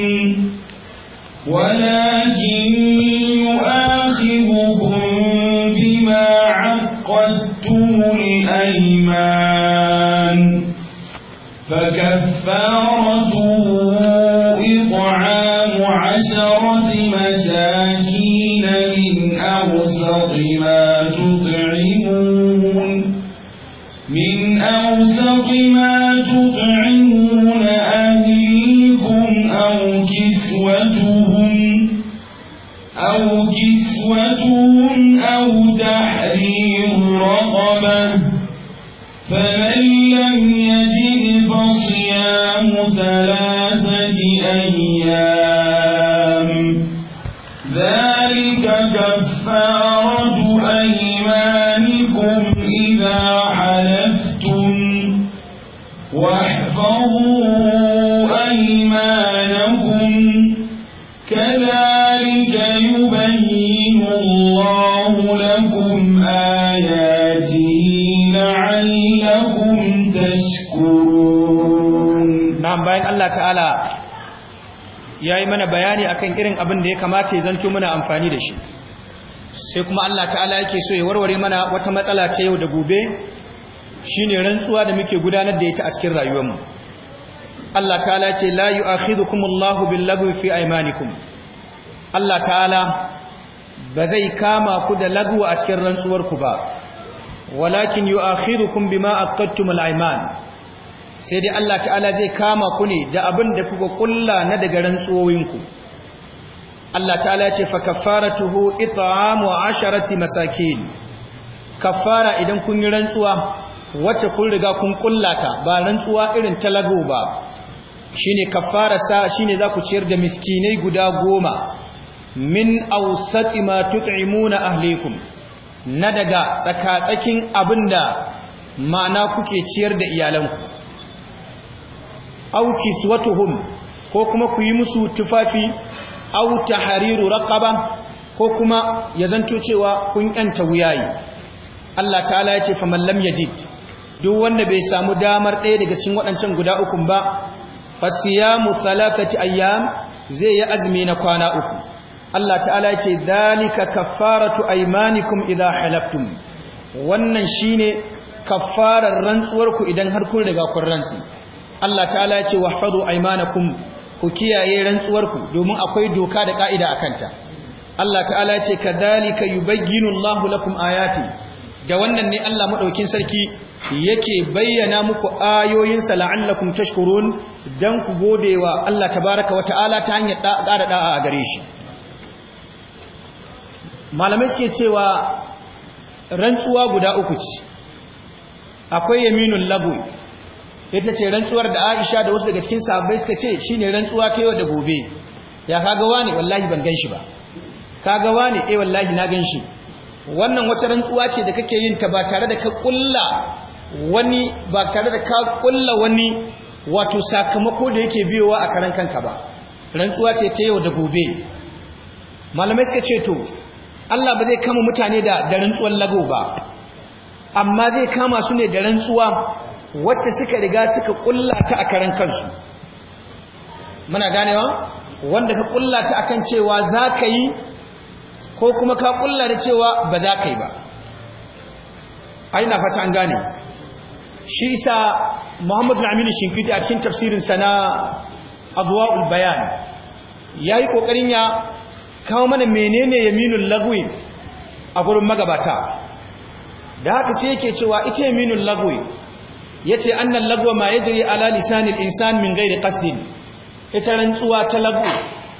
ولكن يؤاخذكم بما عقدتم الأيمان فكفارته إطعام عشرة مساكين من أوسط أوسط ما تطعمون أهليكم أو كسوتهم Allah ta'ala ya yi mana bayani akan irin abin da ya kamata ya zanto mana amfani da shi sai kuma Allah ta'ala yake so ya warware mana wata matsala ta yau da gobe shine rantsuwa da muke gudanar da ita a cikin rayuwarmu Allah ta'ala ce la yu'akhidukumullahu bil-lagwi fi aymanikum Allah ta'ala ba zai kama ku da lagwa a cikin rantsuwarku ba walakin yu'akhidukum bima aqadtumul ayman sai dai Allah ta'ala zai kama ku ne da abin da kuka kulla na daga rantsuwoyinku Allah ta'ala ce fa kaffaratuhu it'amu 'asharati masakin kaffara idan kun yi rantsuwa wacce kun riga kun kullata ba rantsuwa irin talago ba shine kaffara sa shine za ku ciyar da miskinai guda goma min awsati ma tut'imuna ahlikum na daga tsakatsakin abinda ma'ana kuke ciyar da iyalanku aw kiswatuhum ko kuma ku yi musu tufafi aw tahriru raqaba ko kuma ya zanto cewa kun yanta wuyayi Allah ta'ala ya ce faman lam yajid duk wanda bai samu damar ɗaya daga cikin waɗancan guda uku ba fasiyamu thalathati ayyam zai yi azumi na kwana uku Allah ta'ala ya ce dalika kaffaratu aymanikum idha halaftum wannan shine kaffarar rantsuwarku idan har kun riga kun rantsi Allah ta'ala ya ce wahfadu aymanakum ku kiyaye rantsuwarku domin akwai doka da ƙa'ida a kanta Allah ta'ala ya ce kadhalika yubayyinu Allahu lakum ayati da wannan ne Allah madaukin sarki yake bayyana muku ayoyinsa la'allakum tashkurun dan ku godewa Allah tabaaraka ala ta hanyar da da'a a gare shi malamai suke cewa rantsuwa guda uku ce akwai yaminul lagwi ita ce rantsuwar da Aisha da wasu daga cikin sahabbai suka ce shine rantsuwa ta yau da gobe ya kaga wani wallahi ban ganshi ba kaga wani eh wallahi na ganshi wannan wata rantsuwa ce da kake yin ta ba tare da ka kulla wani ba tare da ka kulla wani wato sakamako da yake biyowa a karan kanka ba rantsuwa ce ta yau da gobe malamai suka ce to Allah ba zai kama mutane da da rantsuwar lago ba amma zai kama su ne da rantsuwa wacce suka riga suka kulla ta a karan kansu muna ganewa wanda ka kulla ta akan cewa za ka yi ko kuma ka kulla da cewa ba za ka yi ba aina fata an gane shi isa muhammadu aminu shinkiti a cikin tafsirinsa na abuwa bayan ya yi ƙoƙarin ya kawo mana menene yaminul lagwi a gurin magabata da haka sai yake cewa ita yaminul lagwi yace annan lagwa ma yajri ala lisanil insan min ghairi qasdin ita rantsuwa ta lagu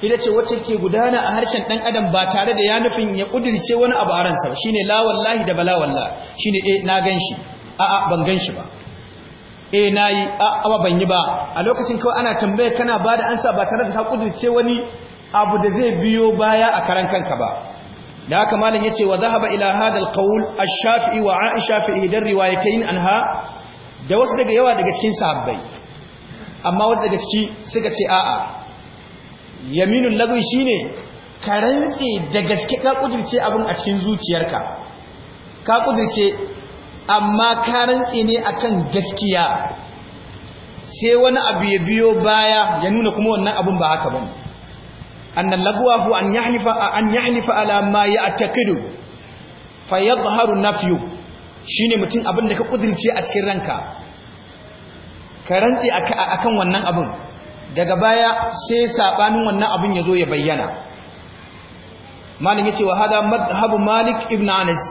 ita ce wacce ke gudana a harshen ɗan adam ba tare da ya nufin ya kudirce wani abu a ransa Shi ne la da bala Shi ne eh na gan shi. A'a ban shi ba eh nayi a a ban yi ba a lokacin kawai ana tambaye kana bada ansa ba tare da ka kudirce wani abu da zai biyo baya a karan kanka ba da haka malam yace wa zahaba ila hadha alqawl ash-shafi'i wa aisha fi ihdar riwayatayn anha da wasu daga yawa daga cikin sahabbai amma wasu daga ciki suka ce a'a yaminun lagun shine ka rantse da gaske ka kudirce abin a cikin zuciyarka ka kudirce amma ka rantse ne akan gaskiya sai wani abu ya biyo baya ya nuna kuma wannan abin ba haka bane annal lagwa hu an yahlifa an yahlifa ala ma ya'taqidu na nafyu Shi ne mutum abin da ka kudirce a cikin ranka ka rantse a kan wannan abin daga baya sai saɓanin wannan abin ya zo ya bayyana malam yace wa hada mazhabu malik ibn anas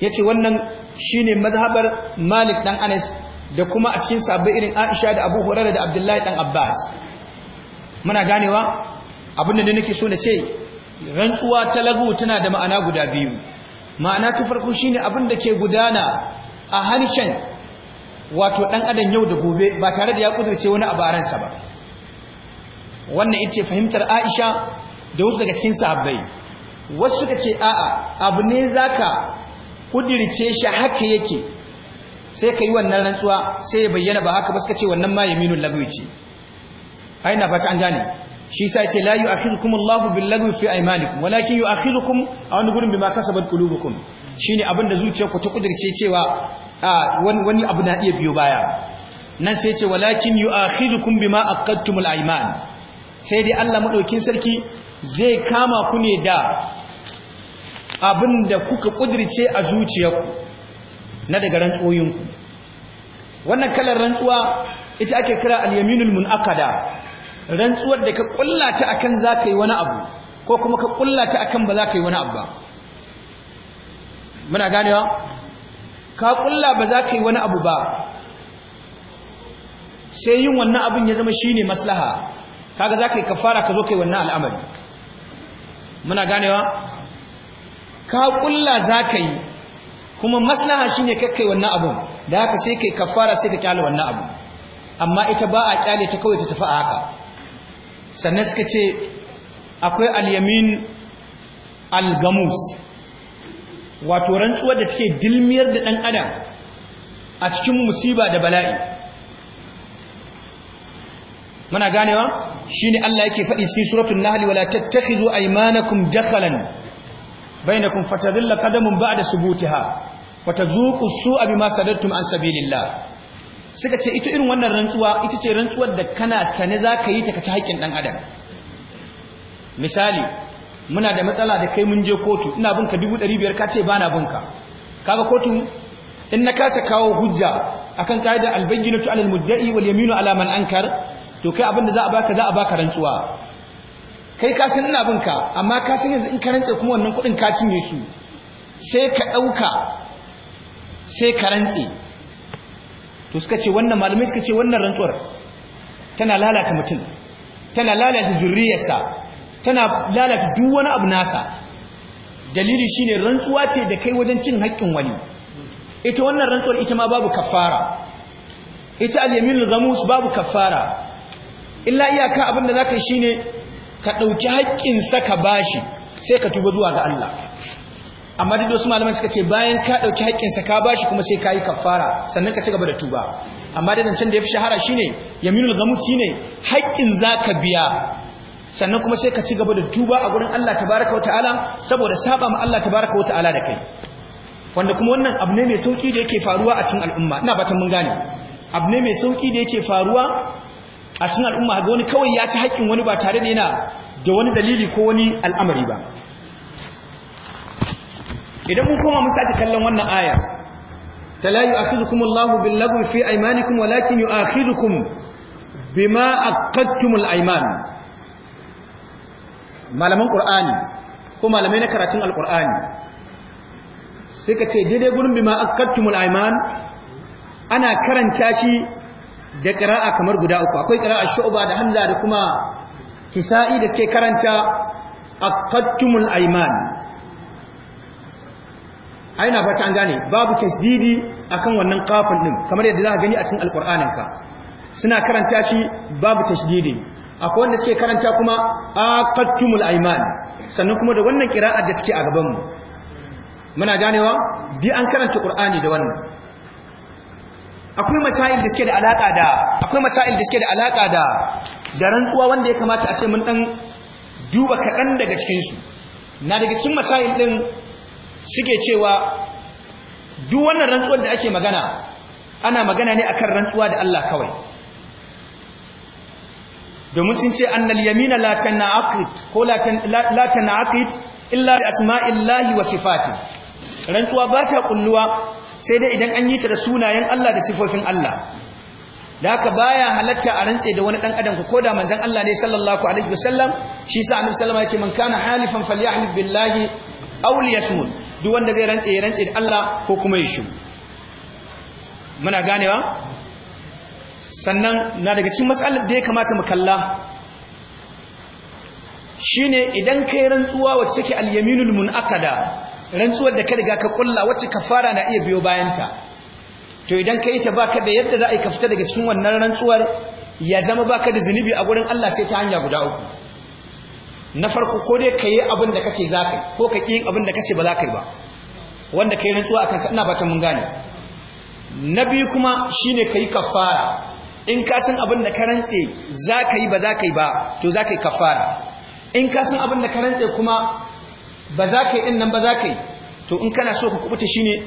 ce wannan shi ne mazhabar malik dan anas da kuma a cikin sabbin irin aisha da abu horar da abdullahi dan abbas muna ganewa abin da nake so na ce rantsuwa ta lagu tana da ma'ana guda biyu ma'ana ta farko shine abin da ke gudana a harshen wato ɗan adam yau da gobe ba tare da ya kudurce wani abaransa ba wannan ita fahimtar Aisha da wasu daga cikin sahabbai wasu suka ce a'a abu ne za ka ƙudirce shi haka yake sai ka yi wannan rantsuwa sai ya bayyana ba haka ba suka ce wannan ma yaminul minu ce ai na fata an gane shi sa ce la yu'akhirukum Allahu bil lagwi fi aymanikum walakin yu'akhirukum a wani gurin bima kasabat qulubukum shine abinda ku ta kudirce cewa wani abu na iya biyo baya nan sai ce walakin yu'akhirukum bima aqadtumul ayman sai dai Allah madaukin sarki zai kama ku ne da abinda kuka kudirce a zuciyarku na daga rantsoyinku wannan kalar rantsuwa ita ake kira al-yaminul munaqada rantsuwar da ka kulla ta akan ka yi wani abu ko kuma ka kulla ta akan ba za ka yi wani abu ba muna ganewa ka kulla ba za ka yi wani abu ba sai yin wannan abin ya zama shine maslaha kaga ka yi kafara ka zo kai wannan al'amari muna ganewa ka kulla ka yi kuma maslaha shine kai wannan abun da haka sai kai kafara sai ka kyale wannan abu amma ita ba a kyale ta kawai ta tafi a haka sannan suka ce akwai al'yamin algamus, wato rantsuwar da take dilmiyar da ɗan adam a cikin musiba da bala'i muna ganewa shi ne Allah yake faɗi cikin suratun nahali wala tattakhidhu aymanakum dakhalan bainakum fatadilla qadamun ba'da subutiha wa tazuqu as-su'a bima sadattum an sabilillah suka ce ita irin wannan rantsuwa ita ce rantsuwar da kana sane za ka yi ta kaci haƙƙin ɗan adam misali muna da matsala da kai mun je kotu ina binka dubu ɗari biyar ka ce ba na binka kaga kotu in na kasa kawo hujja akan ka'idar albayyinatu alal mudda'i wal yaminu ala man ankar to kai abin za a baka za a baka rantsuwa kai ka san ina bunka amma ka san yanzu in ka rantse kuma wannan kuɗin ka cinye su sai ka ɗauka sai ka rantse to suka ce wannan malamai suka ce wannan rantsuwar tana lalata mutum tana lalata zurriyarsa tana lalata duk wani abu nasa dalili shine rantsuwa ce da kai wajen cin haƙƙin wani ita wannan rantsuwar ita ma babu kafara ita al-yaminul ghamus babu kafara illa iyaka abin da zaka shine ka dauki haƙƙin sa ka bashi sai ka tuba zuwa ga Allah amma duk wasu malaman suka ce bayan ka dauki sa ka bashi kuma sai ka yi kafara sannan ka ci da tuba amma da zancen da ya fi shahara shine yaminul gamus shine haƙƙin zaka biya sannan kuma sai ka ci da tuba a gurin Allah tabaraka wa ta'ala saboda saba ma Allah tabaraka wa ta'ala da kai wanda kuma wannan abu ne mai sauki da yake faruwa a cikin al'umma ina fatan mun gane abu ne mai sauki da yake faruwa a cikin al'umma ga wani kawai ya ci haƙƙin wani ba tare da yana da wani dalili ko wani al'amari ba idan mun koma mun sake kallon wannan aya ta la yu'akhidhukum Allahu bil lagwi fi aymanikum walakin yu'akhidhukum bima aqadtumul ayman malaman qur'ani ko malamai na karatun alqur'ani sai ka ce daidai gurin bima aqadtumul ayman ana karanta shi da qira'a kamar guda uku akwai qira'a shu'ba da hamza da kuma kisa'i da suke karanta aqadtumul ayman aina fata an gane babu tasdidi akan wannan kafin din kamar yadda za ka gani a cikin alqur'anin ka suna karanta shi babu tasdidi akwai wanda suke karanta kuma aqattumul ayman sannan kuma da wannan qira'ar da take a gaban mu muna ganewa di an karanta qur'ani da wannan akwai masail da suke da alaka da akwai masail da suke da alaka da da rantsuwa wanda ya kamata a ce mun dan duba kaɗan daga cikin su na daga cikin masail din suke cewa duk wannan rantsuwar da ake magana ana magana ne akan rantsuwa da Allah kawai domin sun ce annal yamina la tanaqit ko la tanaqit illa bi asma'illahi wa sifati rantsuwa ba ta kulluwa sai dai idan an yi ta da sunayen Allah da sifofin Allah da haka baya halatta a rantse da wani dan adam ko da manzon Allah ne sallallahu alaihi wasallam shi sa annabi wasallam yake man kana halifan falyahli billahi aw liyasmut duk wanda zai rantse ya rantse da Allah ko kuma ya shi muna ganewa sannan na daga cikin matsalar da ya kamata mu kalla shine idan kai rantsuwa wacce take al-yaminul munaqada rantsuwar da ka riga ka kulla wacce kafara na iya biyo bayanta to idan kai ta baka da yadda za a yi ka fita daga cikin wannan rantsuwar ya zama baka da zunubi a gurin Allah sai ta hanya guda uku na farko ko dai ka yi abin da kace za ka yi ko ka ƙi abin da kace ba za ka yi ba wanda ka yi rantsuwa akan sa ina fatan mun gane na biyu kuma shine ka yi kafara in ka san abin da ka rantse za ka yi ba za ka yi ba to za ka yi kafara in ka san abin da ka rantse kuma ba za ka yi din nan ba za ka yi to in kana so ka kubuta shine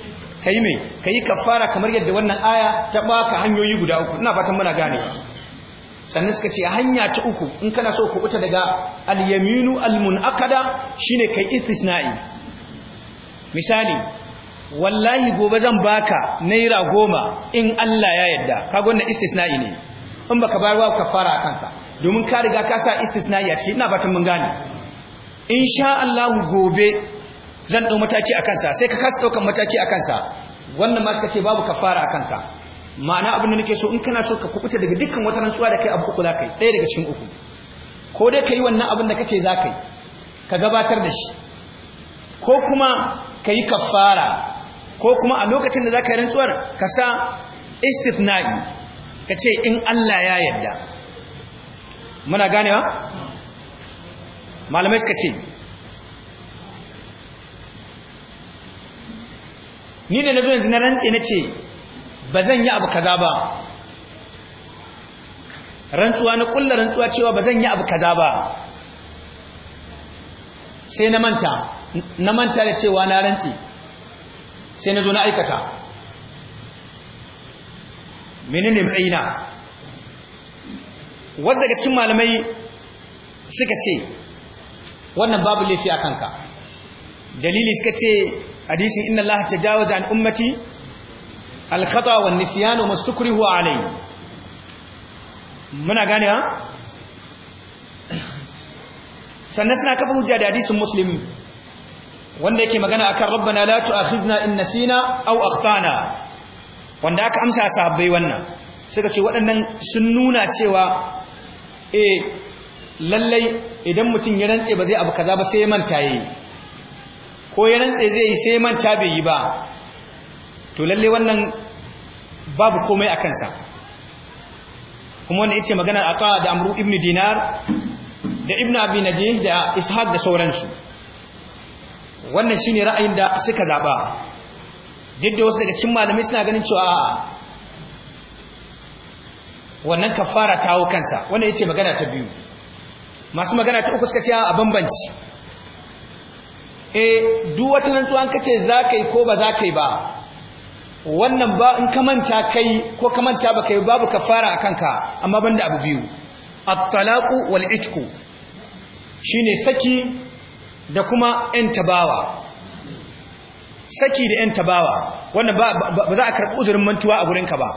ka yi mai ka yi kafara kamar yadda wannan aya ta baka hanyoyi guda uku ina fatan muna gane sannan suka ce hanya ta uku in kana so ku kubuta daga al-yaminu al-munakada shine kai istisna'i misali wallahi gobe zan baka naira goma in Allah ya yarda kaga wannan istisna'i ne in baka bayar wa kafara kanka domin ka riga ka sa istisna'i a cikin ina fatan mun gane insha Allah gobe zan dau mataki akan sa sai ka kasa daukan mataki akan sa wannan ma suka ce babu kafara akan ka ma'ana abin da nake so in kana so ka kubuta daga dukkan wata rantsuwa da kai abu uku za ka yi ɗaya daga cikin uku ko dai ka yi wannan abin da kace za ka yi ka gabatar da shi ko kuma ka yi kafara ko kuma a lokacin da za ka yi rantsuwar ka sa istifna'i ka ce in Allah ya yarda muna ganewa malamai suka ce ni da na zo yanzu na rantse na ce ba zan yi abu kaza ba rantsuwa na kullar rantsuwa cewa ba zan yi abu kaza ba sai na manta na manta da cewa na rantsi sai na zo na aikata menene matsayina wanda daga cikin malamai suka ce wannan babu laifi a kanka dalili suka ce hadisin inna allaha tajawaza an ummati alkhata wa nisyanu mastukrihu alayhi muna gane ha sannan suna kafa hujja da hadisin muslim wanda yake magana akan rabbana la tu'akhizna in nasina aw akhtana wanda aka amsa sahabbai wannan suka ce waɗannan sun nuna cewa eh lallai idan mutum ya rantse ba zai abu kaza ba sai manta yi ko ya rantse zai yi sai manta bai yi ba to lalle wannan babu komai a kansa kuma wanda yace magana a ata da amru ibnu dinar da ibnu abi najih da ishaq da sauransu wannan shine ra'ayin da suka zaba duk da wasu daga cikin malamai suna ganin cewa wannan kafara ta hau kansa wannan yace magana ta biyu masu magana ta uku suka ce a bambanci eh duk wata nan tuwan kace zakai ko ba zakai ba wannan ba in ka manta kai ko ka manta ba kai babu kafara a kanka amma banda abu biyu at-talaqu wal itqu shine saki da kuma yan tabawa saki da yan tabawa wannan ba ba za a karɓi uzurin mantuwa a ka ba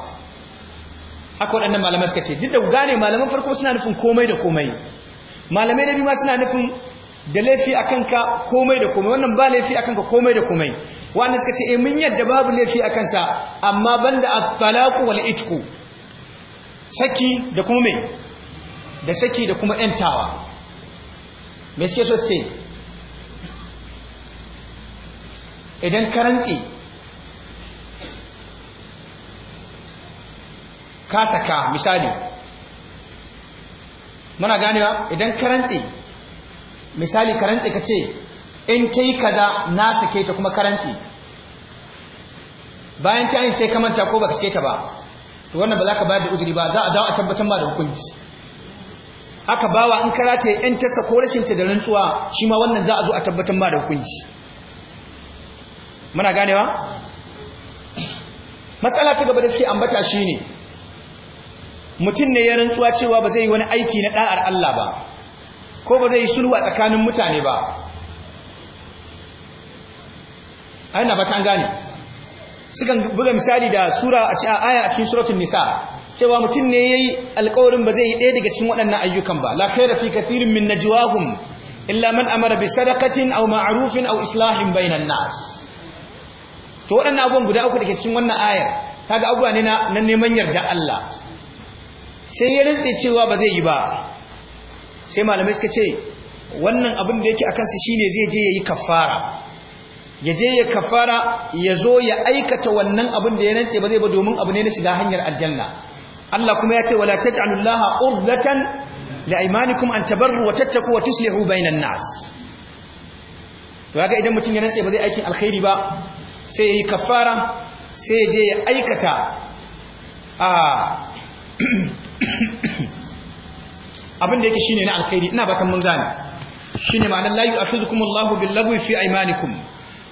haka waɗannan malamai suka ce duk da gane malaman farko suna nufin komai da komai malamai na biyu ma suna nufin da laifi a kanka komai da komai wannan ba laifi a kanka komai da komai wanda suka ce eh, mun yadda babu laifi a kansa amma banda at-talaqu wal itqu saki da kuma mai da saki da kuma yantawa me suke so ce idan karanti ka saka misali muna ganewa idan karanti misali rantse ka ce in ta yi kaza na sake ta kuma karanci bayan ta yi sai ka manta ko ba ka sake ta ba to wannan ba za ka bayar da uzuri ba za a dawo a tabbatar ba da hukunci aka bawa in karata ya ta sako ko rashin ta da rantsuwa shi ma wannan za a zo a tabbatar ba da hukunci muna ganewa matsala ta gaba da suke ambata shi ne. mutum ne ya rantsuwa cewa ba zai yi wani aiki na da'ar Allah ba ko ba zai yi sulhu a tsakanin mutane ba aina ba ta gane sukan buga misali da sura a cikin aya a cikin suratul nisa cewa mutum ne yayi alƙawarin ba zai yi ɗaya daga cikin waɗannan ayyukan ba la khayra fi kathirin min najwahum illa man amara bi sadaqatin aw ma'rufin aw islahin bainan nas to waɗannan abubuwan guda uku dake cikin wannan ayar kaga abubuwa ne na neman yarda Allah sai ya rantse cewa ba zai yi ba sai malamai suka ce wannan abin da yake a shi shine zai je yayi kafara ya je ya kafara ya zo ya aikata wannan abin da ya rantse ba zai ba domin abu ne na shiga hanyar aljanna Allah kuma ya ce wala taj'alullaha urdatan li'aymanikum an tabarru wa tattaqu wa tuslihu bainan nas to kaga idan mutum ya rantse ba zai aikin alkhairi ba sai yayi kafara sai ya je ya aikata a ah, abin da yake shine na alkhairi ina bakan mun gane shine ma'anar la yu'akhidukum Allahu bil lagwi fi aymanikum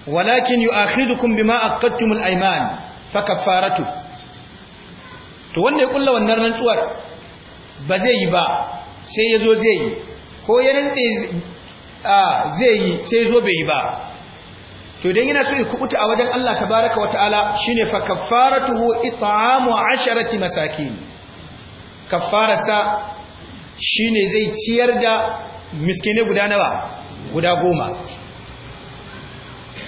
walakin yu'akhidukum bima aqadtumul ayman fa kaffaratu to wanda ya kulla wannan rantsuwar ba zai yi ba sai ya zo zai yi ko ya rantse a zai yi sai zo bai yi ba to dan yana so ya kubuta a wajen Allah tabaaraka wa ta'ala shine fa kaffaratuhu it'amu 'asharati masakin kaffarasa Shi ne zai ciyar da miskine guda nawa guda goma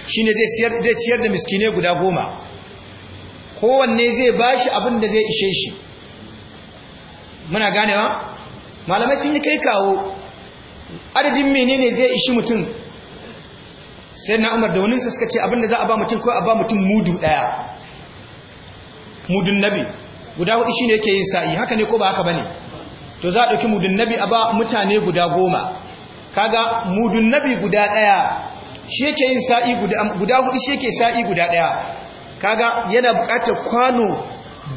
Shi ne zai ciyar da miskine guda goma kowanne zai shi abin da zai ishe shi muna ganewa malamai sun yi kai kawo adadin mene ne zai ishi mutum sai na umar da waninsa suka ce abinda za a ba mutum ko a ba mutum mudu daya mudun nabi guda hudu ne yake yin sa'i haka ne ko ba haka ba ne? to za a ɗauki mudun nabi a ba mutane guda goma kaga mudun nabi guda ɗaya shi yin sa'i guda hudu shi sa'i guda ɗaya kaga yana buƙatar kwano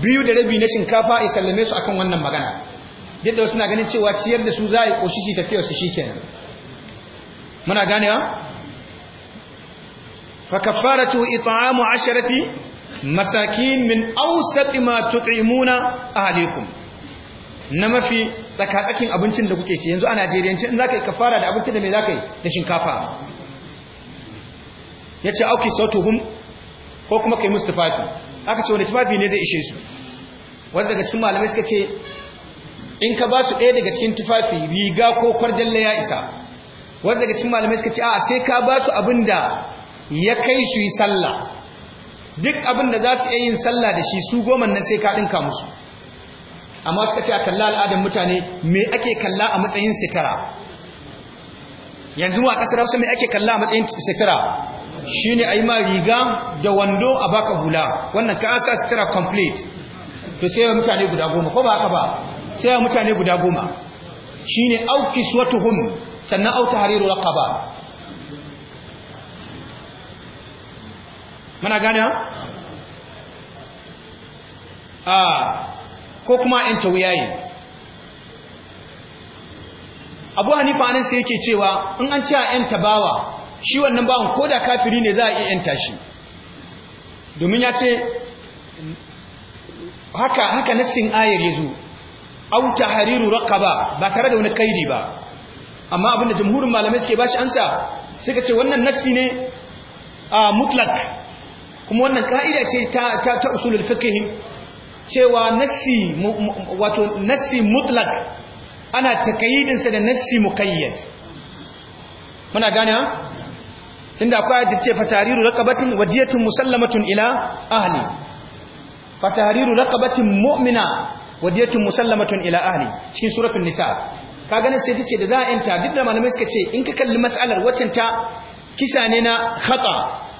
biyu da rabi na shinkafa a sallame su akan wannan magana yadda suna ganin cewa ciyar da su za a yi ƙoshi shi su shi kenan muna ganewa فكفارته إطعام عشرة مساكين من أوسط ما تطعمون na mafi tsakatsakin abincin da kuke ci yanzu a najeriyanci in za ka yi kafara da abincin da mai za ka yi da shinkafa ya ce auki sautuhun ko kuma ka yi musu tufafi aka ce wani tufafi ne zai ishe su wasu daga cikin malamai suka ce in ka ba su ɗaya daga cikin tufafi riga ko kwarjalla ya isa wasu daga cikin malamai suka ce a sai ka ba su abin da ya kai su yi sallah duk abin da za su iya yin sallah da shi su goma nan sai ka ɗinka musu amma suka ce a kalla al'adar mutane me ake kalla a matsayin sitara yanzu a kasar hausa me ake kalla a matsayin sitara a yi ma riga da wando a baka hula wannan ka asa sitara complete to sai mutane guda goma ko ba haka ba sai mutane guda goma Shi ne su aukis hun sannan auta hariru ba mana gane ha ah. ko kuma in yi abu hanifa nan sai yake cewa in an ce a yan tabawa shi wannan bawan ko da kafiri ne za a iya yan tashi domin ya ce haka haka nassin ayar yazo Auta tahriru raqaba ba tare da wani kaidi ba amma abinda jumhurin malamai suke bashi ansa suka ce wannan nassi ne a mutlak kuma wannan ka'ida ce ta ta usulul fiqh cewa nassi wato nassi mutlak ana takayidinsa da nassi muqayyad muna gane ha tunda akwai da ce fatariru raqabatin wadiyatun musallamatun ila ahli fatariru raqabatin mu'mina wadiyatun musallamatun ila ahli cikin suratul nisa ka ganin sai tace da za a yanta duk da malamai suka ce in ka kalli mas'alar waccan ta kisa ne na khata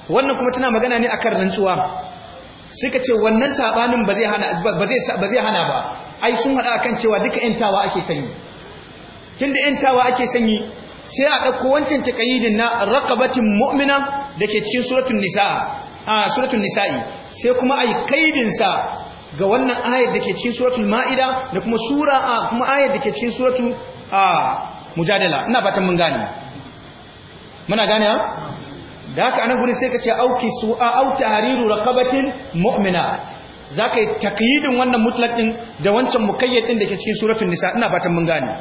wannan kuma tana magana ne akan rantsuwa suka ce wannan sabanin ba zai hana ba zai hana ba ai sun hada kan cewa duka yantawa ake sanyi tunda yantawa ake sanyi sai a ɗauko wancan taqayidin na raqabatin mu'mina dake cikin suratul nisaa a nisa'i sai kuma ai kaidin sa ga wannan ayar dake cikin suratul maida da kuma sura a kuma dake cikin suratul mujadala ina fatan mun gane muna gane ha da haka anan guri sai ka ce auki su a auki hariru raqabatin mu'mina zaka yi taqyidin wannan mutlaq din da wancan mukayyad din dake cikin suratul nisa ina fatan mun gane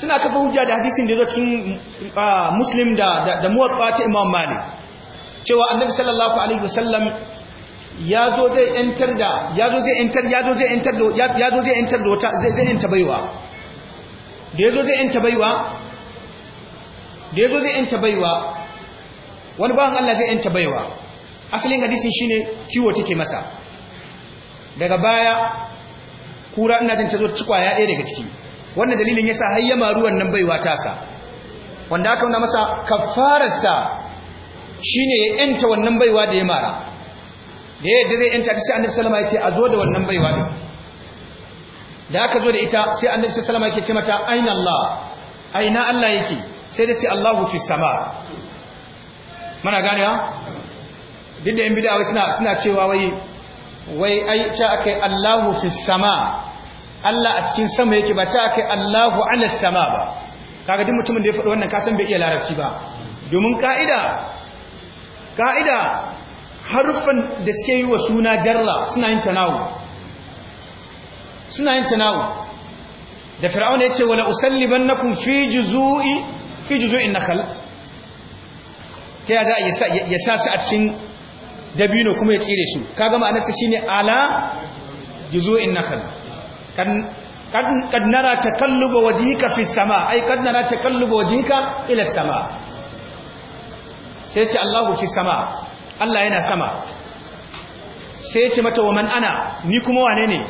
suna kafa hujja da hadisin da yazo cikin muslim da da muwatta ta imam malik cewa annabi sallallahu alaihi wasallam ya zo zai yantar da yazo zai yantar yazo zai yantar da ya zo zai yantar da wata zai zai yanta baiwa da yazo zai yanta baiwa da yazo zai yanta baiwa wani bawan Allah zai yanta baiwa asalin hadisin shine kiwo take masa daga baya kura ina jin tazo ci kwaya ɗaya daga ciki wannan dalilin yasa har ya maru wannan baiwa tasa wanda aka nuna masa kafararsa shine ya yanta wannan baiwa da ya mara da yadda zai yanta ta sai annabi ya ce a zo da wannan baiwa din da aka zo da ita sai annabi sallama ya ce mata aina Allah aina Allah yake sai da ce Allahu fi sama mana gane ha duk da yin bid'a suna cewa wai wai ai ce yi Allahu fi sama Allah a cikin sama yake ba ce yi Allahu ala sama ba kaga duk mutumin da ya faɗi wannan kasan bai iya larabci ba domin ka'ida ka'ida haruffan da suke yi wa suna jarra suna yin tanawu suna yin tanawu da fir'auna ban wala kun fi juzu'i fi juzo'in su a cikin dabino kuma ya tsire su ka gama anasta shi ne ala juzo'in nakal kadnara ta kalluba wajinka fi sama ai kadnara ta kalluba wajinka ila sama sai ce allahu fi sama allah yana sama sai ce mata wa ana ni kuma wane ne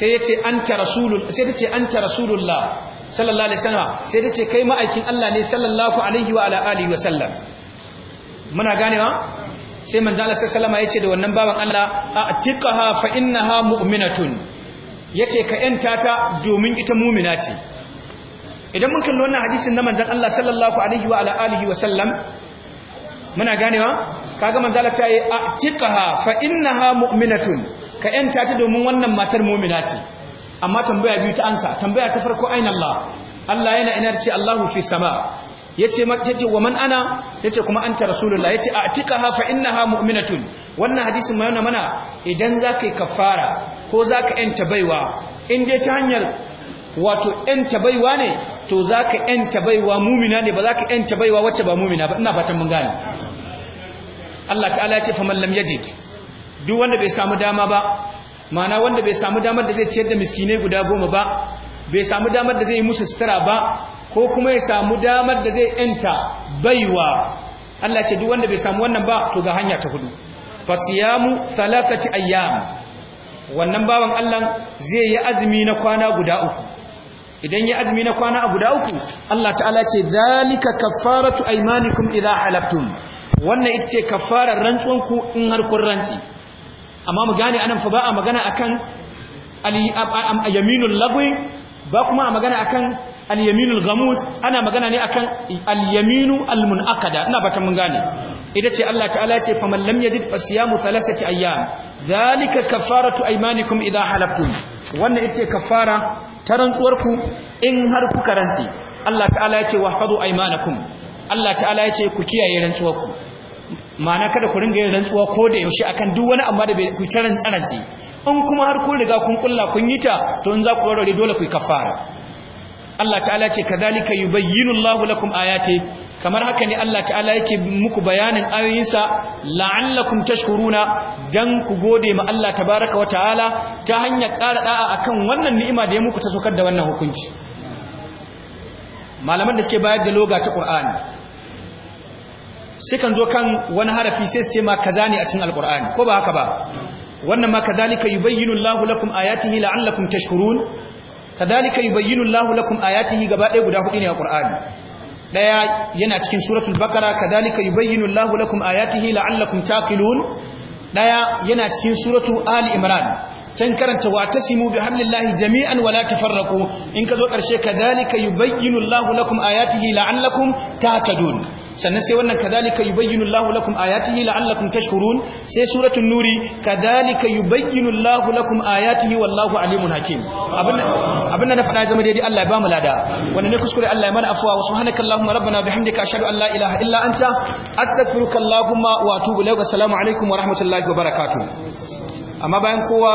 sai ya ce an ta rasulullah sallallahu alaihi wasallam sai ta ce kai ma'aikin Allah ne sallallahu alaihi wa ala alihi wa sallam muna ganewa sai manzo Allah sallallahu alaihi yace da wannan baban Allah atiqaha fa innaha mu'minatun yace ka yanta ta domin ita mu'mina ce idan mun kalli wannan hadisin na manzon Allah sallallahu alaihi wa ala alihi wa sallam muna ganewa kaga manzo Allah ta yi atiqaha fa innaha mu'minatun ka yanta ta domin wannan matar mu'mina ce amma tambaya biyu ta ansa tambaya ta farko aina Allah Allah yana ina ce Allahu fi sama yace yace wa man ana yace kuma anta rasulullah yace atiqaha fa innaha mu'minatun wannan hadisin mai mana idan zakai kafara ko zaka yanta baiwa in dai ta hanyar wato yanta baiwa ne to zaka yanta baiwa mu'mina ne ba zaka yanta baiwa wacce ba mu'mina ba ina fatan mun gane Allah ta'ala yace faman lam yajid duk wanda bai samu dama ba ma'ana wanda bai samu damar da zai ciyar da miskinai guda goma ba bai samu damar da zai yi musu sutura ba ko kuma ya samu damar da zai yanta baiwa Allah ce duk wanda bai samu wannan ba to ga hanya ta hudu fasiyamu salatati ayyam wannan bawan Allah zai yi azumi na kwana guda uku idan ya azumi na kwana guda uku Allah ta'ala ce zalika kaffaratu aymanikum idha halaftum wannan ita ce kaffarar rantsuwanku in har kun rantsi amma mu gane anan fa ba a magana akan al-yaminul lagwi ba kuma a magana akan al-yaminul ghamus ana magana ne akan al-yaminu al-munaqada ina bata mun gane ita ce Allah ta'ala ce faman lam yajid fa thalathati ayyam zalika kafaratu aymanikum idha halaftum wannan ita ce kafara ta rantsuwarku in har kuka rantsi Allah ta'ala ya ce wahfadu aymanakum Allah ta'ala ya ce ku kiyaye rantsuwarku ma'ana kada ku ringa yin rantsuwa ko da yaushe akan duk wani amma da ku ta rantsarance in kuma har kun riga kun kulla kun yi ta to in za ku warware dole ku yi kafara Allah ta'ala ce kadhalika yubayyinu Allahu lakum ayati kamar haka ne Allah ta'ala yake muku bayanin ayoyinsa la'allakum tashkuruna dan ku gode ma Allah tabaaraka wa ta'ala ta hanyar ƙara da'a akan wannan ni'ima da ya muku ta sokar da wannan hukunci malaman da suke bayar da loga ta Qur'ani sai zo kan wani harafi sai su ce ma kaza ne a cikin alqur'ani ko ba haka ba wannan ma kadhalika yubayyinu Allahu lakum ayatihi la'allakum tashkurun kadhalika yubayyinu Allahu lakum ayatihi gaba ɗaya guda hudu ne a Qur'ani daya yana cikin suratul baqara kadhalika yubayyinu Allahu lakum ayatihi la'allakum taqilun daya yana cikin suratul ali imran can karanta wa tasimu bihablillahi jami'an wala tafarraqu in ka zo karshe kadhalika yubayyinu Allahu lakum ayatihi la'allakum tahtadun sannan sai wannan kadhalika yubayyinu Allahu lakum ayatihi la'allakum tashkurun sai suratul nuri kadhalika yubayyinu Allahu lakum ayatihi wallahu alimun hakim abin da na faɗa zama daidai Allah ya ba mu lada wanda ne kuskure Allah ya mana afwa wa subhanaka allahumma rabbana bihamdika ashhadu an la ilaha illa anta astaghfiruka allahumma wa atubu ilayka assalamu alaikum wa rahmatullahi wa barakatuh amma bayan kowa